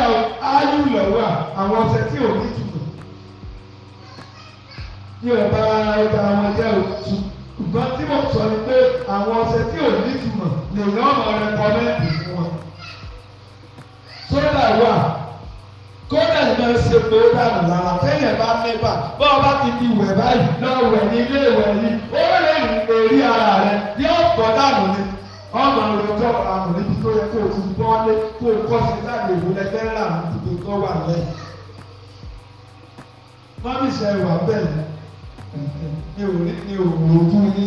ayú lọ́wọ́ àwọn ọ̀sẹ̀ tí ò ní ìtumọ̀ ní ọba ọba àwọn jẹ́ òtù ṣùgbọ́n tí mo sọ ni pé àwọn ọ̀sẹ̀ tí ò ní ìtumọ̀ lè rán ọmọ rẹ kọ́mẹ́ǹtì fún wọn. sódà wà kódà ní máa ń ṣe pé ó dànù lára téèyàn bá mẹ́bà bá ọ bá ti di wẹ̀ báyìí lọ wẹ̀ ní ilé ìwẹ̀ yìí ó lè rí ara rẹ yóò bọ́ dànù ni ọmọ àwọn ọjọ́ àwọn níbi tó yẹ kó o ti bọ́lé kó o kọ́ sí láàyè òun lẹ́gbẹ́ ńlá àwọn ìdìbò tó wà lẹ́ mọ́mí wà bẹ́ẹ̀ ni ò ní ni ò ní ojú ní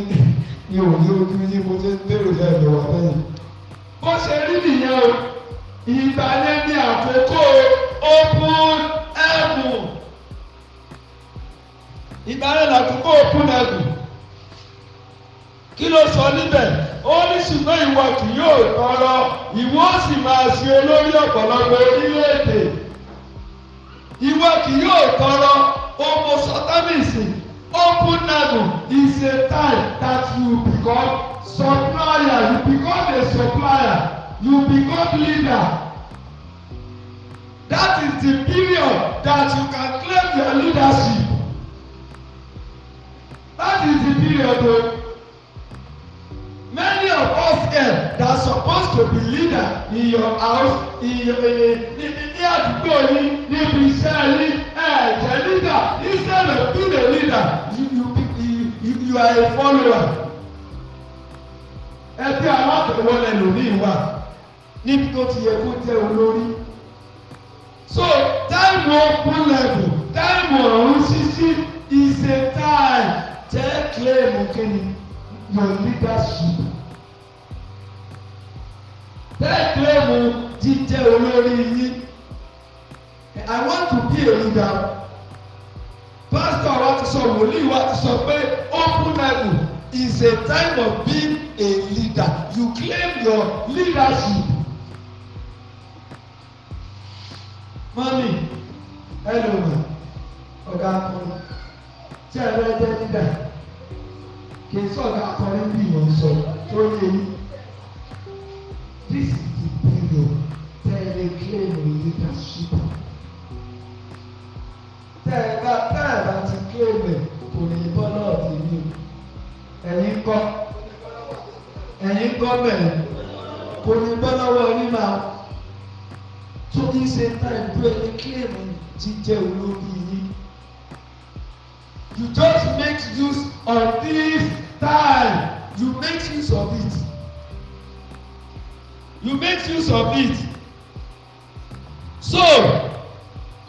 ni ò ní ojú ní mo ti bèrè lẹ́ẹ̀lẹ́ wà bẹ́ẹ̀. bó ṣe rí nìyẹn o ìbàlẹ̀ ní àkókò open ẹ̀mù ìbàlẹ̀ làkókò open ẹ̀mù kí ló sọ níbẹ̀ ó ní ṣùgbọ́n ìwọ kì yóò tọrọ ìwọ sì máa ṣe olórí ọ̀pọ̀lọpọ̀ orílẹ̀-èdè ìwọ kì yóò tọrọ homo sotanism open nano is a time that you become supplier you become a supplier you become leader that is the period that you can claim your leadership that is the period o. Oh many of us here that are supposed to be leader in your house in your ní ní àdúgbò yín níbi iṣẹ́ yín ẹ̀ jẹ́ leader instead of being a leader you you you you are a follower. ẹbí alábẹ̀wọ́ lẹ́nu ní ìwà níbi tó ti yẹ kó jẹ́ olórí. so time open level time ọ̀run ṣíṣí is a time jẹ́ claim kí Okay? your leadership. Tẹ́lẹ̀kìlẹ́mù jíjẹ́ olórí yín. I want to be a leader. Pastor wa ti sọ wòlíì wa ti sọ pé open level is a time of being a leader. You claim your leadership. Mọ́mí ẹlòmíràn ọ̀gá kan tí ẹ̀rọ ẹ̀jẹ̀ níbẹ̀ kì í sọ̀rọ̀ àtọ́rí bí yẹn sọ tó lé yìí. This is the period tẹ́lẹ̀ claim leadership. Tẹ́ẹ̀bá tẹ́ẹ̀bá ti claim ẹ̀ kò ní bọ́ náà ti ní o. Ẹ̀yin kọ́ ẹ̀yin kọ́ bẹ̀rẹ̀ kò ní bọ́ lọ́wọ́ onímọ̀ tó ní ṣe táì bú ẹni claim jíjẹ́ olórí yìí you just make use of this time you make use of it you make use of it so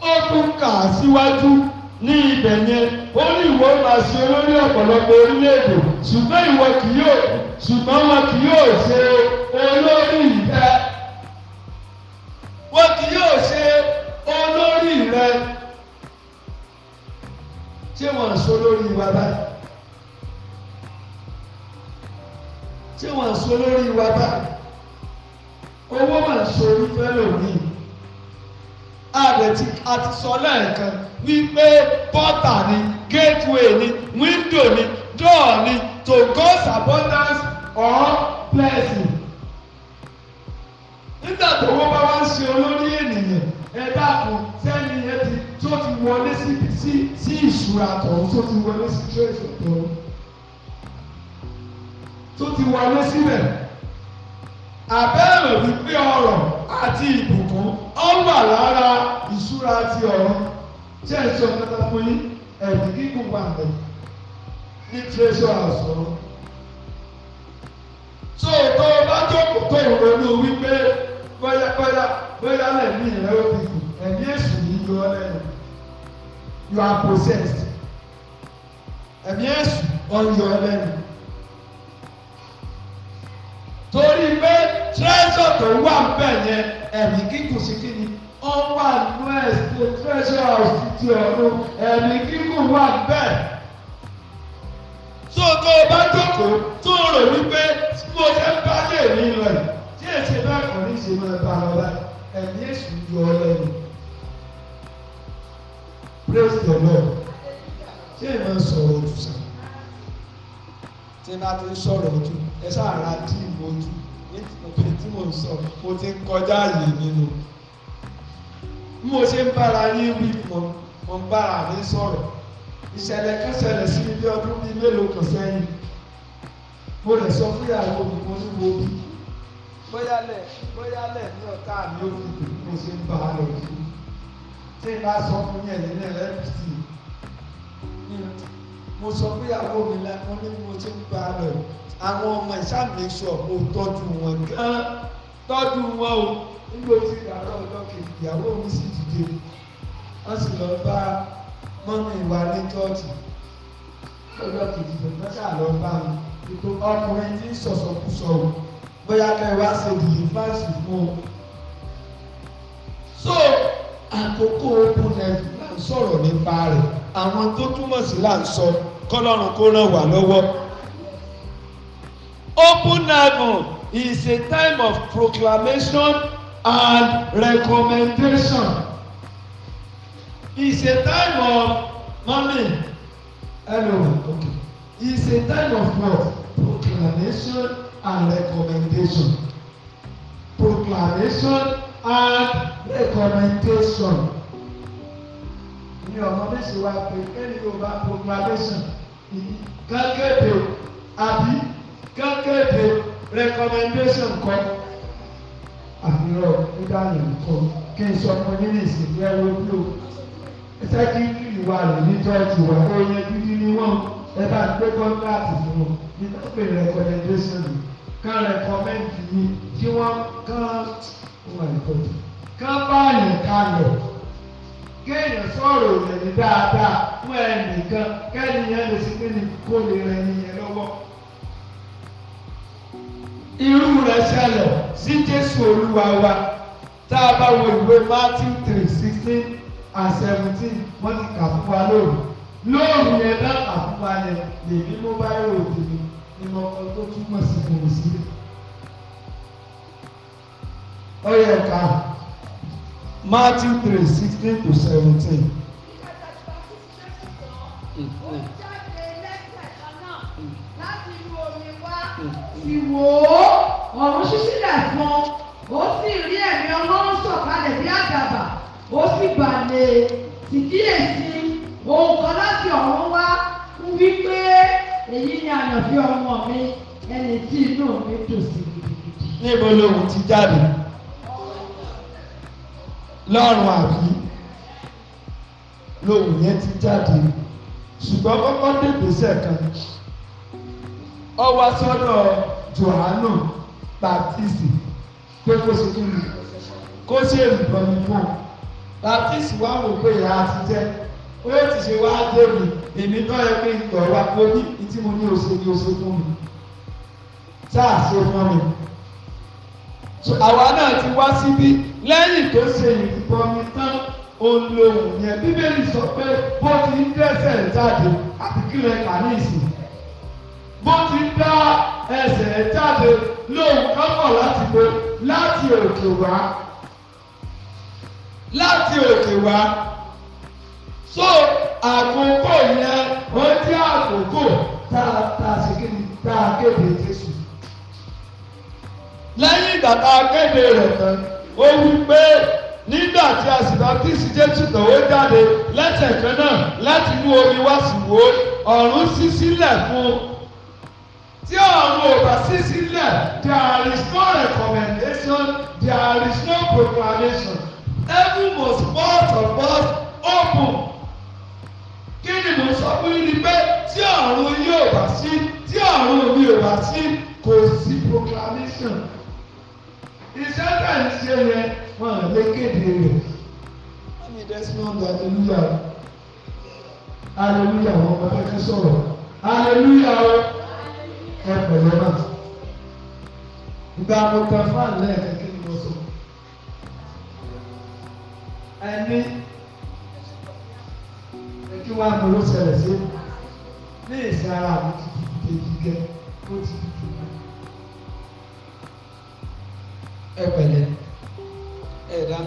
ó tún kà á síwájú ní ibẹ̀ yẹn ó ní ìwọ máa ṣe lórí ọ̀pọ̀lọpọ̀ orílẹ̀-èdè ṣùgbọ́n ìwọ kì yóò ṣùgbọ́n wọn kì yóò ṣe olórí rẹ wọn kì yóò ṣe olórí rẹ ṣé wọ́n sọ lórí wa báyìí ṣé wọ́n sọ lórí wa báyìí owó mà sọ irúfẹ́ lòmíì àdẹ̀tí àti sọ lẹ́ẹ̀kan wípé pọ́tà ni gateway ni window ni door ni to God's abundance or blessing nígbà tó wọ́n bá wá ń ṣe olórí ènìyàn ẹ dákun sẹ́ni ẹ ti tó ti wọlé sí ìṣúra tọ̀hún tó ti wọlé sí tírẹ̀sì tọ̀hún tó ti wọlé síbẹ̀ àbẹ́rẹ̀ wípé ọrọ̀ àti ìbùkún ó wà lára ìṣúra ti ọ̀run tí ẹ̀ sọ kẹta fún yín ẹ̀rí gígùn wà lẹ̀ ní tírẹ̀sì ọ̀sán. tó o tó o bá jókòó tó ìrònú wípé bóyá bóyá bóyá lẹ́mí rẹ̀ ó ti kù ẹ̀mí èṣù yìí yọ ọ́ lẹ́yìn you are possessed yes, on your end. torí pé treasure tó wà bẹ̀ yẹn ẹ̀mí kíkù sí kí ni wọ́n wà nínú the treasure of ti ọ̀run ẹ̀mí kíkù wà bẹ́ẹ̀ tó tó o bá jókòó tó o rò wípé tí mo fẹ́ bá lè ní lọ yìí tí èsì bá kàn ní ìṣe máa bá lọ bá ẹ̀mí èsùn ju ọ lẹ́nu praise the Lord ṣé ẹ máa ń sọ̀rọ̀ ojú sàn tí n bá ti ń sọ̀rọ̀ ojú ẹ ṣàrà dí ìmojú nítorí tí mo ń sọ mo ti ń kọjá àyè nínú bí mo ṣe ń bára yín wí mo mo ń bára mi sọ̀rọ̀ ìṣẹ̀lẹ̀ kan ṣẹlẹ̀ sí ilé ọdún bíi mélòó kan sẹ́yìn mo lè sọ fún ìyàwó mi mo ní wo bí bóyá lẹ̀ bóyá lẹ̀ ní ọ̀tá mi ó fi mo ṣe ń bá lọ sí i tí n bá sọ fún yẹn nínú lft mo sọ pé àwọn mi la mo ní mo ti ń gba lọ àwọn ọmọ ìsàmìlẹsọ mo tọ́jú wọn gan tọ́jú wọn o nígbà tí ìyàwó ọlọ́kì ìyàwó mi sì dìde wọ́n sì lọ bá mọ́mí wa ní chọ́ọ̀tì ọlọ́kì dìde wọ́n ṣà lọ bá mi ètò ọkùnrin tí sọ̀sọ̀kúsọ o bóyá kẹ́ ẹ wá ṣe dìde fáṣì fún o. so àkókò open level là ń sọ̀rọ̀ nípa rẹ̀ àwọn tó túmọ̀ sí là ń sọ kọ́lọ́run kó ràn wá lọ́wọ́. open level is a time of proclamation and recommendation. Is a time of mommy hello okay Is a time of what proclamation and recommendation proclamation add a commentation ní ọmọ mẹ́sìn wa pé kẹ́ni yóò bá proclamation kákéde àbí kákéde recommendation kọ́ àmì ọ̀ nígbà yẹn kọ́ kí n sọ fún yín ní ìsìnkú ẹ lójú o ṣé kí ìwà rẹ̀ ní jọ́ọ̀jù wà ó yẹ gidi ní wọ́n ẹ bá gbé kọ́ńtàtì fún un nígbà pé recommendation kán recommend yìí kí wọ́n kán kán báyìí kalẹ̀ kéèyàn sọ̀rọ̀ òyìnbí dáadáa fún ẹnìkan kẹ́ni yẹn lè sinmi ní kó lè rẹ nìyẹn lọ́wọ́. irú rẹ̀ ṣẹlẹ̀ sí Jésù Olúwa wa tá a bá wo ìwé Matthew three sixteen and seventeen wọ́n ti kà fún wa lóru lóru yẹn náà kà fún wa yẹn lèmi mobile road ni ni mo kọ́ tó túmọ̀ sí mo sílẹ̀ ọyẹ ẹka Matthew three sixteen to seventeen. Sì wò ó, ọ̀run fún un, ó sì rí ẹ̀mí Ọlọ́run sọ̀kalẹ̀ bí àdàbà, ó sì balẹ̀ tìkíyèsí ohun kan láti ọ̀run wá ń wí èyí ni àyànfẹ́ ọmọ mi ẹni tí inú mi dùn sí gidigidi. Níbo lohun ti jáde? lọ́rùn àbí lòun yẹn ti jáde ṣùgbọ́n kọ́kọ́ dègbèsè kan ọ wá sọ́dọ̀ Jòhánù bàtísì pé kó ṣe kí ni kó ṣe ìbọn ìbò bàtísì wà wò pé ìyá ti jẹ́ ó ti ṣe wá dé mi èmi náà yẹ kí n tọ̀ wá pé ní tí mo ní òṣèlú òṣèlú mi sáà ṣe fún mi àwa náà ti wá síbí lẹ́yìn tó ṣe ìfọmi tán olóhùn yẹn bíbélì sọ pé bó ti ń dẹ́sẹ̀ jáde àti kílẹ̀ kàníìsì bó ti ń dá ẹsẹ̀ jáde lóhùn kọ́kọ̀ láti bo láti òkè wá láti òkè wá so àkókò yẹn ó jẹ́ àkókò tá a tá a ṣe kí ni tá a kéde Jésù lẹ́yìn ìgbà tá a kéde rẹ̀ tán ó wí pé nígbà tí a sì baptist jésù tọ̀wé jáde lẹ́sẹ̀kan náà láti inú omi wá sí wo ọ̀run ṣí sílẹ̀ fún tí ọ̀run ò bá ṣí sílẹ̀ there is no recommendation there is no proclamation every must part of us open kí ni mo sọ fún yín ni pé tí ọ̀run yóò bá sí tí ọ̀run mi ò bá sí kò sí proclamation iṣẹ́ tá à ń ṣe yẹn wọn à lè kéde rẹ̀ wọ́n ní desmond hallelujah hallelujah wọn bá fẹ́ sọ̀rọ̀ hallelujah o ẹ pẹ̀lẹ́ náà ìgbà mo ta fáànù lẹ́ẹ̀kan kí ni mo sọ ẹni kí wàá mo ló ṣẹlẹ̀ sí ní ìsìn ara mi ti di gẹ́gẹ́ ó ti di ẹ pẹ̀lẹ́ ẹ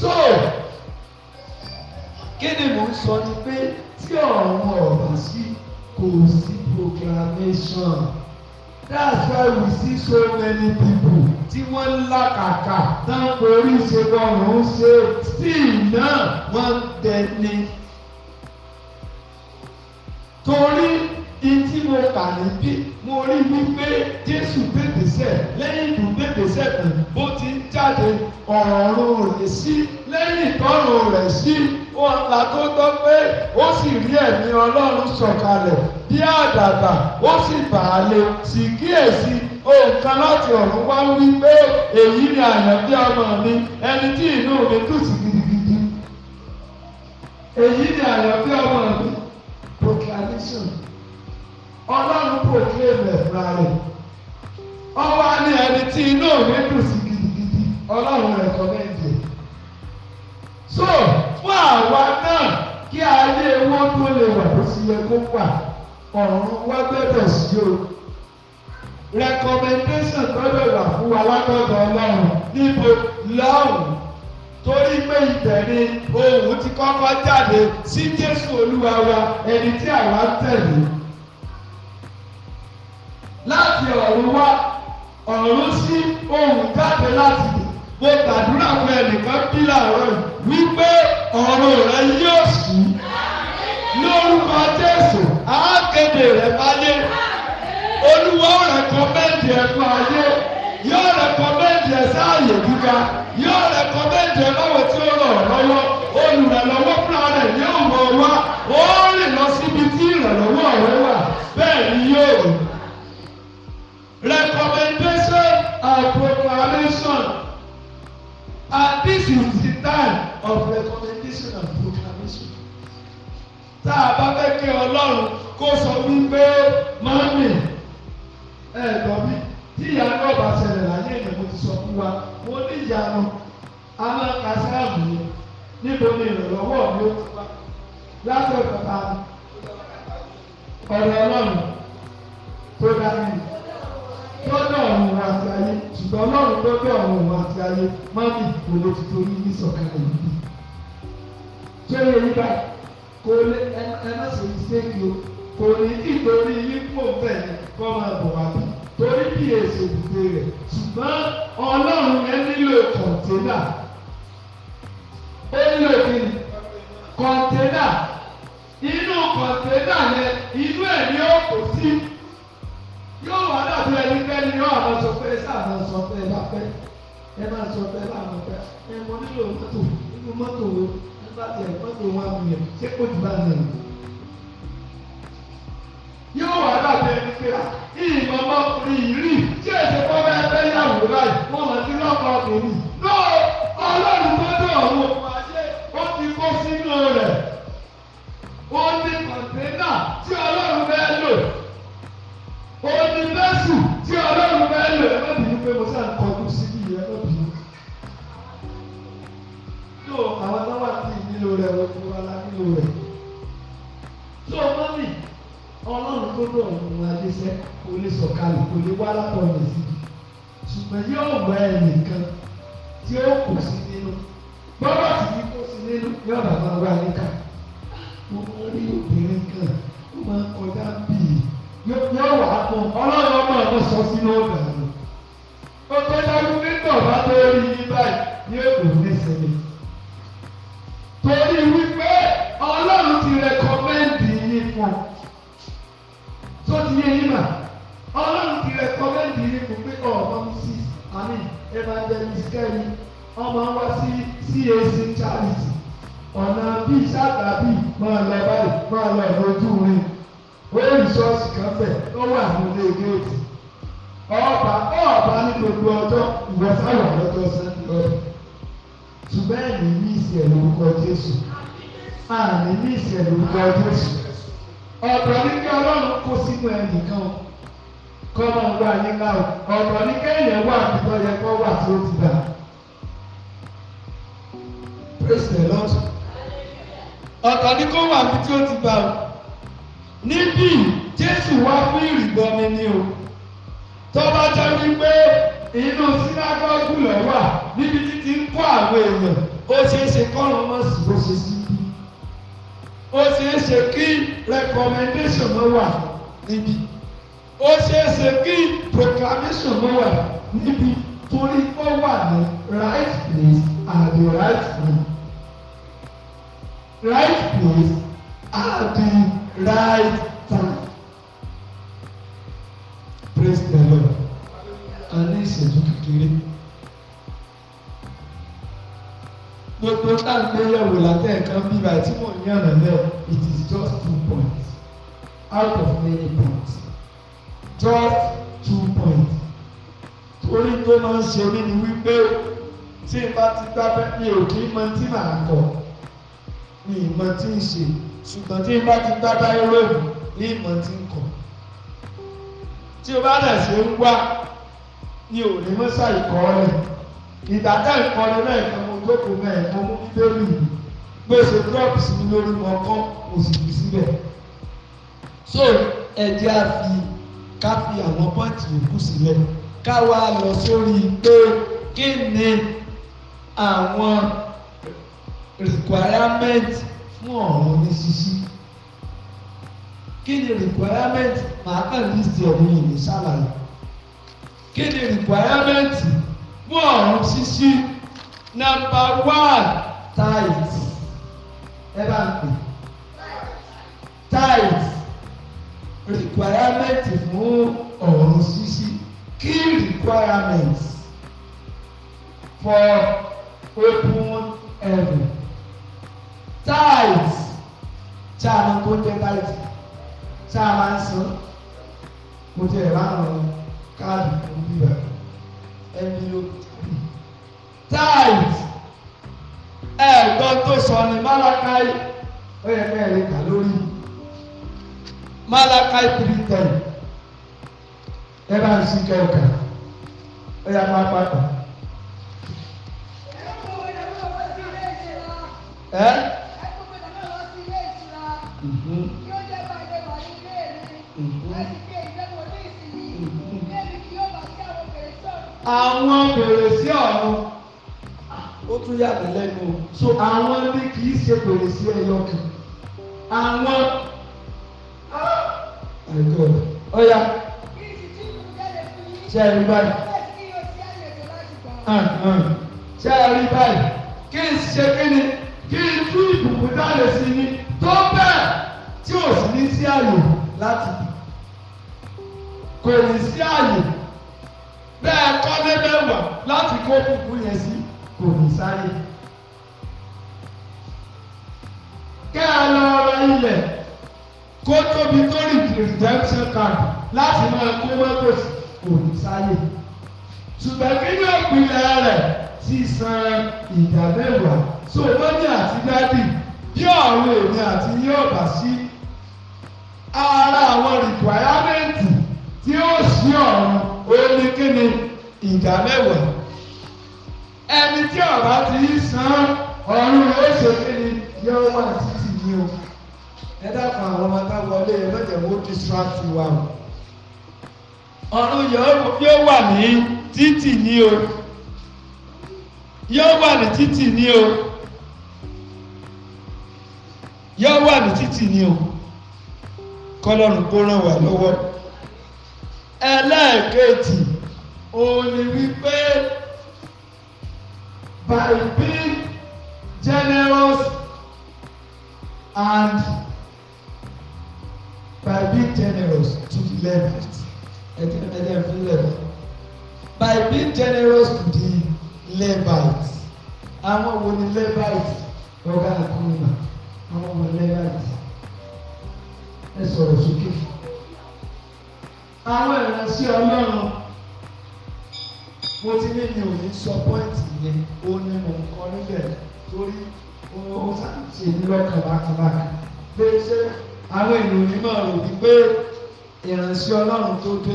so kí ni mò ń sọ ni pé tí ọ̀run ọ̀bà sí kò sí proclamation that's why we see so many people tí wọ́n ń làkàkà tán orí ṣe wọ́n ń ṣe tíì náà wọ́n ń tẹni. torí etí mo kà níbí mo rí wípé Jésù tètè sẹ̀ lẹ́yìn ìlú tètè sẹ̀ tán bó ti ń jáde ọ̀run rẹ̀ sí lẹ́yìn ìtọ́run rẹ̀ sí ọ̀la tó tọ́ pé ó sì rí ẹ̀mí Ọlọ́run sọ̀kalẹ̀ bí àdàbà ó sì bà á lé sì kíyèsí òǹkan láti ọ̀run wá wípé èyí ni àyànfí ọmọ mi ẹni tí inú mi dùn sí gidigidi èyí ni àyànfí ọmọ mi proclamation ọlọ́run kò ní èmi ẹ̀fúnra rẹ̀ ọwọ́ ní ẹni tí inú mi dùn sí gidigidi ọlọ́run rẹ̀kọ́mẹ́ǹdì so fún àwa náà kí ayé wọn tó lè wà bó ti yẹ kó wà ọ̀run wá gbẹ́dọ̀ sí o recommendation gbọ́dọ̀ wà fún wa látọ̀dọ̀ ọlọ́run níbo lọ́hùn torí pé ìbẹ̀rẹ̀ ohun ti kọ́kọ́ jáde sí jésù olúwa wa ẹni tí àwa ń tẹ̀lé láti ọ̀run wá ọ̀run sí ohùn jáde láti bò mo gbàdúrà fún ẹnìkan bí làárọ̀ wípé ọ̀run rẹ yóò sí lórúkọ Jésù àákéde rẹ fáyé olúwa ó rẹkọmẹ́ǹdì ẹ fún ayé yóò rẹkọmẹ́ǹdì ẹ sáàyè gíga yóò rẹkọmẹ́ǹdì ẹ báwo tí ó rọ̀ lọ́wọ́ olùrànlọ́wọ́ fúnra rẹ̀ yóò mọ̀ wá ó rìn lọ síbi tí ìrànlọ́wọ́ rẹ wà bẹ́ẹ̀ ni yóò rìn recommendation and proclamation and this is the time of recommendation and proclamation. tá a bá fẹ́ kí ọlọ́run kó sọ wípé mọ́mì ẹ̀gbọ́n mi tí ìyá náà bá ṣẹlẹ̀ láyé ìyẹn mo ti sọ fún wa mo ní ìyanu alákasáàmù yẹn níbo ni ìrànlọ́wọ́ mi ó ti wá látọ̀ bàbá ọ̀rọ̀ ọlọ́run tó dá mi lọ́dọ̀ ọ̀run àti ayé ṣùgbọ́n ọlọ́run lọ́dọ̀ ọ̀run àti ayé má ní ìdìbò ló ti torí ní sọ̀kalẹ̀ yìí. tó yẹ nígbà kò lè ẹ má ṣe mistake o kò ní ìtorí yípo bẹ́ẹ̀ kọ́ máa bọ̀ wá bí torí kì í ṣe ìdílé rẹ̀ ṣùgbọ́n ọlọ́run yẹn nílò kọ̀ǹtẹ́nà ó nílò kí ni kọ̀ǹtẹ́nà inú kọ̀ǹtẹ́nà yẹn inú ẹ̀ ni ó kò sí yóò wá dàbí ẹni pẹ́ni yóò àwọn sọ pé sáà sọ pé ẹ bá pẹ́ ẹ máa sọ pé ẹ bá àwọn pẹ́ ẹ mọ nílò mọ́tò nínú mọ́tò wo nígbà tí ẹ mọ́tò wọn àwọn yẹn ṣé kò jù bá ń lẹ̀ yóò wá dàbí ẹni pé à ìmọ̀ ọmọkùnrin yìí tí èsì pọ́ bẹ́ẹ̀ bẹ́ẹ̀ yàwó báyìí wọ́n mọ̀ sí lọ́kọ̀ọ́kùnrin về Jésù ọ̀dọ̀ ní kí Ọlọ́run kó sínú ẹnì kan kọ́ máa ń wá o ọ̀dọ̀ ní kẹ́yìn wà àbíkọ́ yẹ kọ́ wà tí ó ti dà praise the Lord ọ̀dọ̀ ní kó wà àbí tí ó ti dà o níbí Jésù wá fún ìrìbọmi ni o tó bá jẹ́ wípé inú sínágọ́gù lọ wà níbi títí ń kọ́ àwọn èèyàn ó ṣeé ṣe kọ́run mọ́ sí bó ṣe sí ṣeé ṣe kí recommendation mọ́ wà níbi ó ṣeé ṣe kí proclamation mọ́ wà níbi torí ó wà ní right place at the right time right place at the right time praise the Lord a ní ìṣẹ́jú kékeré. gbogbo táàgbéyẹ̀wò látẹ̀ẹ̀kan bíbá tí mò ń yànnà lẹ̀ it is just two points out of many points just two points torí tó máa ń ṣe mí ni wípé tí n bá ti gbáfẹ́ mi ò kí mọ tí màá kọ mi ìmọ̀ tí ń ṣe ṣùgbọ́n tí n bá ti gbáfẹ́ ìròyìn ní ìmọ̀ tí ń kọ tí o bá dẹ̀ ṣe ń wá ni ò ní mọ́ṣáì kọ́ ọ́ lẹ̀ ìdàdá ìkọrin lẹ́ẹ̀kan mo jókòó mẹ́ẹ̀ mo mú bíbélì mi gbèsè drop sí mi lórí wọn kán síbẹ̀ so ẹ jẹ́ a fi ká fi àwọn pọ́ǹtì yòókù sílẹ̀ ká wá lọ sórí pé kí ni àwọn requirement fún ọ̀run ní ṣíṣí kí ni requirement màá kàn list ọ̀run yìí ní ṣàlàyé kí ni requirement fún ọ̀run ṣíṣí nọ́mbà one tight ẹ bá ń pè tight requirement fún ọ̀run ṣíṣí key requirements for open heaven tight tí a máa ń kó jẹ tight tí a máa ń san kó jẹ ìbámu káàdì fún bíbẹ envelope tithe ẹ̀gbọ́n tó sọ ní Malachi ó yẹ kẹ́ ẹ̀rí kà lórí Malachi three ten ẹ bá ń sí kẹ́ọ̀kà ó yà má pàpà. ẹ. ẹ kókó àwọn fèrèsé ọ̀run ah, ó tún yàtọ̀ lẹ́nu so àwọn ní kì í ṣe fèrèsé ẹyọ kan àwọn àìkọ́ ọ̀yà ṣe é rí báyìí ṣe ah, ah. é rí báyìí kí n ṣe kí ni kí n tú ìbùkún jáde sí ni tó bẹ́ẹ̀ tí ò sì ní sí àyè láti kò ní sí àyè bẹ́ẹ̀ kọ́lé mẹ́wàá láti kó kúkú yẹn sí kò ní sáyé. kẹ́ ẹ lọ ra ilẹ̀ kó tóbi tó rí redemption card láti máa kó mọ́tò kò ní sáyé. ṣùgbọ́n kí ni òpìlẹ̀ rẹ̀ ti san ìdá mẹ́wàá so mọ́tì àti dádì bí ọ̀rọ̀ èmi àti yóò bá sí ara àwọn rìkwáyámẹ́ǹtì tí ó sí ọ̀run. ó ní ìdá tí ti ń san ọ̀run ó ṣe ni yóò wà títì ní o ẹ dákun àwọn ọmọ tá wọlé ẹ lọ́jọ́ ó distract wa o ọ̀run yóò wà ní ní o yóò wà ní títì ní o yóò wà ní títì ní o kọ́lọ́run kó ràn wá lọ́wọ́. ẹlẹ́ẹ̀kejì òun ni wípé by being generous and by being generous to the left ẹ̀jẹ̀ fi lẹ́bàá by being generous to the Levites àwọn wo ni Levites ọ̀gá àkùnrin àwọn wo Levites ẹ sọ̀rọ̀ sókè fún àwọn ìránṣẹ́ ọlọ́run mo ti ní mi ò ní sọ pọ́ìntì yẹn ó ní mò ń kọ́ níbẹ̀ torí ó ṣàtúnṣe ní lọ́kàn bákàbákà pé ṣé àwọn ìròyìn náà rò wípé ìránṣẹ́ ọlọ́run tó dé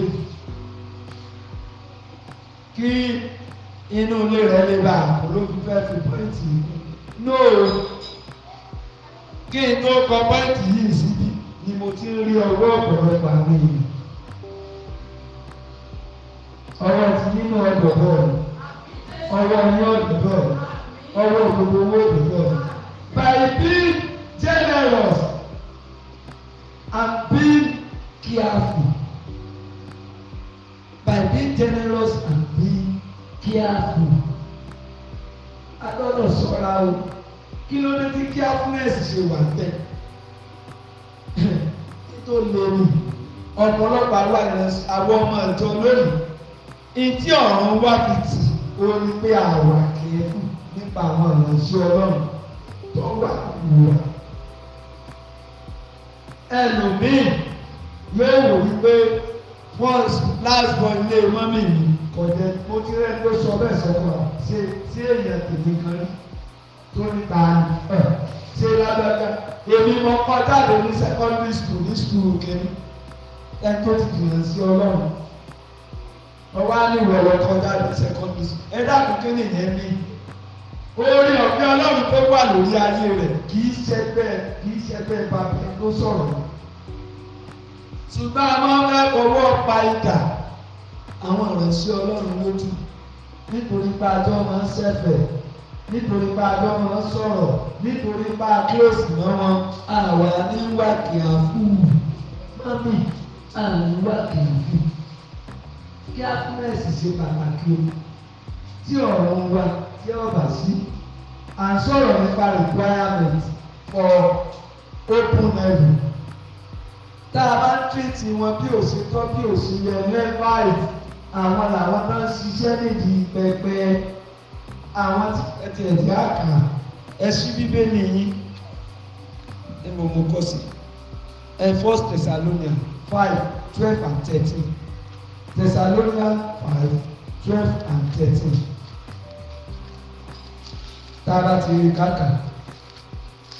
kí inú ilé rẹ̀ lè bá olóògùn fẹ́ fi pọ́ìntì yìí nóò kí n tó kọ pọ́ìntì yìí síbi ni mo ti ń rí ọwọ́ ọ̀pọ̀lọpọ̀ àwọn èèyàn ọwọ́ ti nínú ọdọ̀ bọ́ọ̀ ni ọwọ́ ní ọdọ̀ bọ́ọ̀ ni ọwọ́ gbogbo owó ọdọ̀ bọ́ọ̀ By being generous and being careful by being generous and being careful a gbọ́dọ̀ ṣọ́ra o kí ló dé tí carefulness ṣe wà tẹ́ tó lè rí ọ̀pọ̀lọpọ̀ àwọn ọmọ ìjọ lónìí ìtí ọ̀run wá fi tì ó ní pé àwọ̀ àkẹ́fù nípa àwọn ìránṣẹ́ ọlọ́run tó wà wùwà. ẹlòmíì yóò wò wípé once last born ilé mọ́mì mi kọjá mo ti rẹ́ pé sọ bẹ́ẹ̀ sọ́kọ̀ ṣe ṣé èèyàn tèmi kan rí tó ní ni ṣé lágbájá èmi mo kọ́ jáde secondary school ní school kẹ́mi ẹ tó ti jìnnà sí ọlọ́run ọwọ́ á ní ìwọ̀rọ̀ kọjá ní secondary school ẹ dákun kí ni ìyẹn ní. orí ọ̀gbìn ọlọ́run tó wà lórí ayé rẹ̀ kì í ṣe bẹ́ẹ̀ kì í ṣe bẹ́ẹ̀ bàbá ló sọ̀rọ̀ yìí. ṣùgbọ́n a máa ń fẹ́ owó pa ìkà àwọn ìránṣẹ́ ọlọ́run lójú nítorí pé àjọ máa ń ṣẹ̀fẹ̀ nítorí pé àjọ máa ń sọ̀rọ̀ nítorí pé àkíyèsí mọ́ wọn àwa níwàkì àfúù mọ́mì àníwàkì àfúù kí á tún ẹ̀sìn ṣe pàtàkì o tí ọ̀rọ̀ ń wá tí ó bá sí à ń sọ̀rọ̀ nípa requirement for open level tá a bá ń tírìtì wọn bí ò sí tọ́ bí ò sí yẹ lẹ́fàáìtì àwọn làwọn bá ń ṣiṣẹ́ nídìí pẹpẹ àwọn ti ẹ̀dí àkà ẹ̀sùn bíbélì yín ni mo mú kọ́ sí ẹ̀ first Thessalonians five twelve and thirteen. Thessalonians five twelve and thirteen tààrà ti rí kàkà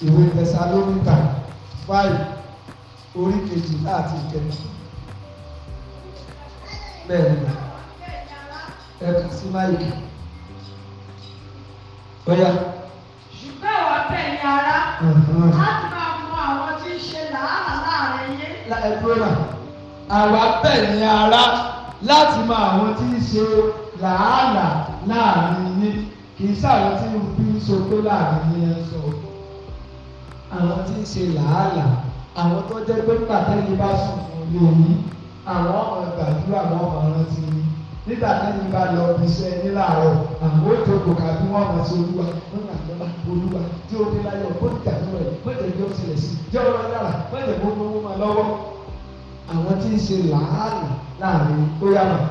ìwé Thessalonica five orí kejìlá àti ìkẹta bẹ́ẹ̀ ni ẹ̀ka sí máìkì bóyá. ṣùgbọ́n ìwà bẹ́ẹ̀ ni ara láti máa mọ àwọn tí ń ṣe làálàá láàrin yé. ẹ̀dùn náà àwa bẹ́ẹ̀ ni ara láti mọ àwọn tí ń ṣe làálà láàrin yín kì í ṣàwọn tí ń fi sopé láàrin yín ń sọ àwọn tí ń ṣe làálà àwọn tó jẹ́ pé pàtẹ́yìn bá sùn fún lóyún àwọn ọmọ ìgbàdúrà wọn ọmọ rántí ni nígbà tẹ́yìn bá lọ bí iṣẹ́ ní làárọ̀ àwọn ètò òkòkà bí wọ́n mọ̀ sí olúwa nígbà tó bá olúwa tí ó dé láyọ̀ kó nígbà tó rẹ̀ mọ̀jẹ̀ bí ó tilẹ̀ sí jẹ́ ọlọ́yàrá mọ̀jẹ̀ gbogbo wọn lọ́wọ́ àwọn tí ń ṣe làálà láàrin ó yàtọ̀.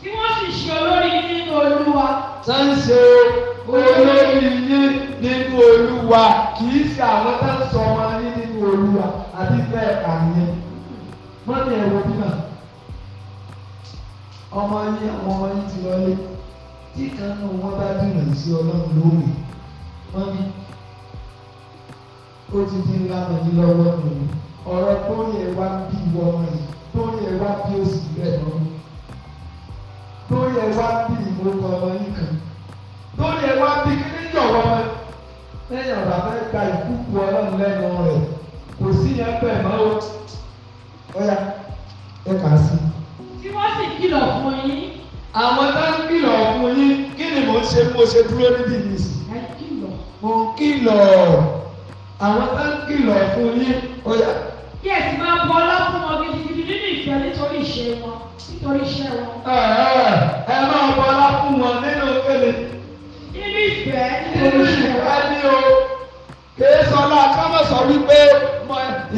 tí wọ́n sì ṣe olórí nínú olúwa. tó ń ṣe olórí nínú olúwa kì í ṣe àwọn tó ń sọ ọmọ nínú olúwa àti bẹ́ẹ̀ kà nìyẹn. wọ́n ní ẹ̀rọ bí náà ọmọ yín àwọn ọmọ yín ti lọlé tí kan náà wọ́n bá dìnnà sí ọlọ́run lórí wọ́n ní ó ti di ńlá mọ̀ ní nìyí ọ̀rọ̀ tó yẹ wá bí wọ́n mọ̀ yìí tó yẹ wá bí ó sì bẹ̀ lọ tó yẹ wá bí ìmọ̀kọ ọmọ yìí kan tó yẹ wá bí kíní jọ̀wọ́ mọ́ lẹ́yìn ọ̀rọ̀ abẹ́ gba ìkúkú ọlọ́run lẹ́nu rẹ̀ kò sí yẹn bẹ́ẹ̀ mọ́ o ọ̀yà ẹ kà á sí. tí wọ́n sì kìlọ̀ fún yín. àwọn tá ń kìlọ̀ fún yín kí ni mò ń ṣe mo ṣe dúró níbi ìmísì. ẹ kìlọ̀. mo ń kìlọ̀ àwọn tá ń kìlọ̀ fún yín ọ̀yà kí ẹ sì máa bu ọlá fún wọn gidigidi nínú ìfẹ́ nítorí ìṣe wọn nítorí iṣẹ́ wọn. ẹ ẹ máa bu ọlá fún wọn nínú ìfẹ́. nínú ìfẹ́ nínú ìṣe wọn. ẹ ní o kìí sọlá kámọ̀sọ wípé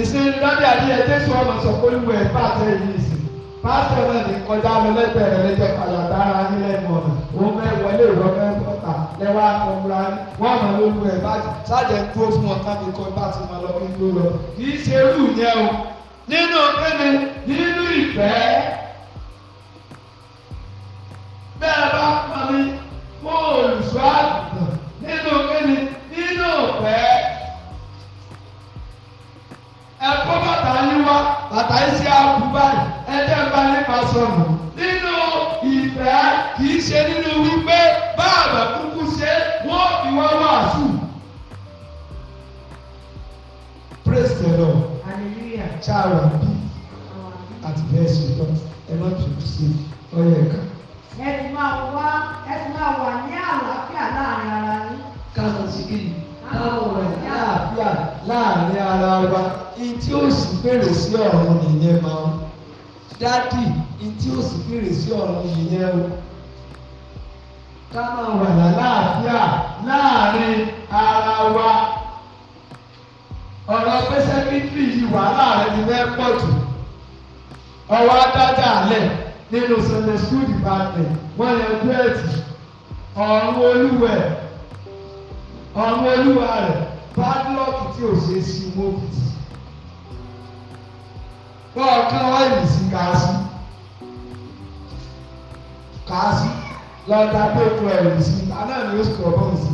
ìsinmi lọ́dẹ àti ẹ̀jẹ̀ sọ ọmọ sọ pé wíwẹ̀ bá tẹ̀ yìí sí pásítọ̀ náà ní kọjá lọ lẹ́gbẹ̀ẹ́ rẹ̀ lẹ́gbẹ̀ẹ́ padà dára nílẹ̀ mọ̀ ọ́n wá ọ̀gbọ̀nra wọ́n àmọ́ lóko ẹ̀ bá ṣáàjẹ́ dúró fún wọn káàbí kan bá ti máa lọ kí n tó lọ. kì í ṣe irú yẹn o nínú kíni nínú ìfẹ́. bẹ́ẹ̀ bá pọn mi mo olùṣọ́ àgùntàn nínú kíni nínú ìfẹ́. ẹ̀kọ́ bàtà yín wá bàtà yín sí àbúbá ẹ̀ ẹ̀ dẹ́gbà nípa sọ̀rọ̀ nínú ìfẹ́ kì í ṣe nínú wípé bá àgbà ṣe wọ́n ìwà wàásù. praise the lord hallelujah ṣáàrọ̀ bí àti bẹ́ẹ̀ ṣe tán ẹ má tún sí ọyọ ẹ̀ka. ẹ ti máa wá ẹ ti máa wà ní àlàáfíà láàrin ara yín. káàkiri sí kí ni káwọn wà ní àlàáfíà láàrin ara wa ntí ó sì bèrè sí ọ̀run nìyẹn máa dádì ntí ó sì bèrè sí ọ̀run nìyẹn o ká máa wà lálàáfíà láàrin ara wa ọ̀rọ̀ pé sẹ́kítírì yìí wàhálà rẹ ti fẹ́ pọ̀ jù ọwọ́ adájà alẹ̀ nínú sunday school department wọ́n yẹ búrẹ́dì ọ̀run olúwẹ̀ ọ̀run olúwa rẹ̀ padlọ́ọ̀kì tí ò ṣe é sí mọ́kìtì bọ́ọ̀ kí sí kàásì kàásì lọ́ta tó tu ẹ̀rù sí aná ni ó sọ̀rọ̀ bọ́ọ̀lù sí.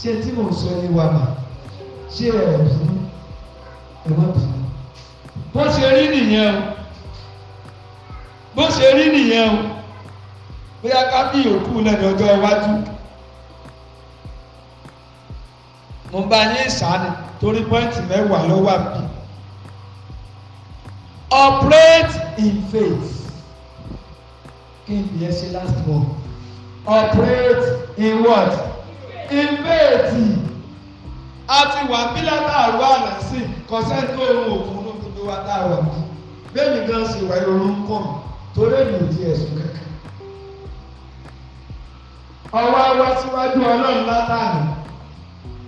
ṣé tí mò sọ ní wa mà ṣé ẹ̀rù fún ẹ̀wọ̀n bì í. bó ṣe rí nìyẹn o bó ṣe rí nìyẹn o bóyá ká bí òkú náà ní ọjọ́ iwájú. mo bá yín sáré torí pọ́ìntì mẹ́wàá ló wà bí. operate in faith. Quem vier last born. Operate in what? In faith. A ti wà bí látàrú àná sí kọ́sẹ́ tó ohun òkun ló fi gbé wa si bí. Bẹ́ẹ̀ni gan ṣe wà ìrònú ń kàn torí èmi ò di ẹ̀sùn kankan. Ọwọ́ wá síwájú Ọlọ́run látàrí.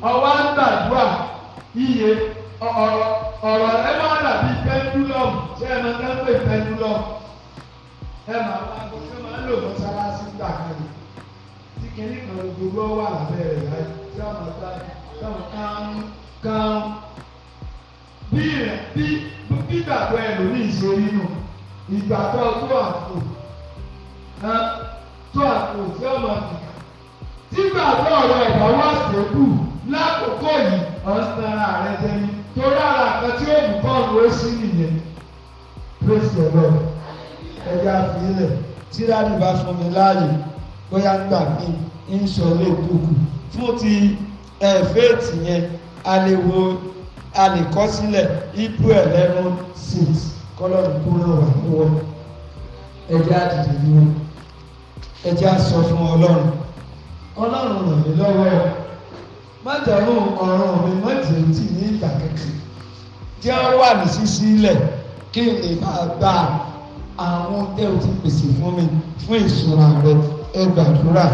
Ọwọ́ iye ọ̀rọ̀ máa dàbí ṣé ẹ ẹ máa wá ago tí wọ́n máa ń lò fún sáláṣí gbà kan yìí tí kìíní kan gbogbo wà lábẹ́ rẹ̀ láyé tí wọ́n máa gbá tí wọ́n kán kán bí rẹ̀ bí gbígbàgbọ́ ẹ̀ ló ní ìṣe nínú ìgbàgbọ́ tó àpò tó àpò tí wọ́n máa fi tí gbàgbọ́ ọ̀rọ̀ ẹ̀dá wá sẹ́kù lákòókò yìí ọ̀sánra rẹ̀ jẹ́ mi torí àràkàn tí ó mú bọ́ọ̀lù ó sí nìyẹn praise the Lord ẹja fi ilẹ̀ tíráàdì bá fún mi láàyè bóyá gbà mí ń sọ lẹ́kọ̀ọ́ fún ti ẹ̀fẹ́ẹ̀tì yẹn a lè wo a lè kọ́ sílẹ̀ Hebrew eleven six kọ́lọ́ọ̀nù kúrò wà lọ́wọ́ ẹja àdìdì yìí ẹja sọ fún Ọlọ́run Ọlọ́run ràn mí lọ́wọ́ májàmú ọ̀ràn mi mọ̀jẹ̀ tì ní ìgbà kẹ̀kẹ́ jẹ́ wà ní sísí ilẹ̀ kí ni bá gbà á àwọn tẹ́ o ti pèsè fún mi fún ìṣúra rẹ ẹ gbàdúrà.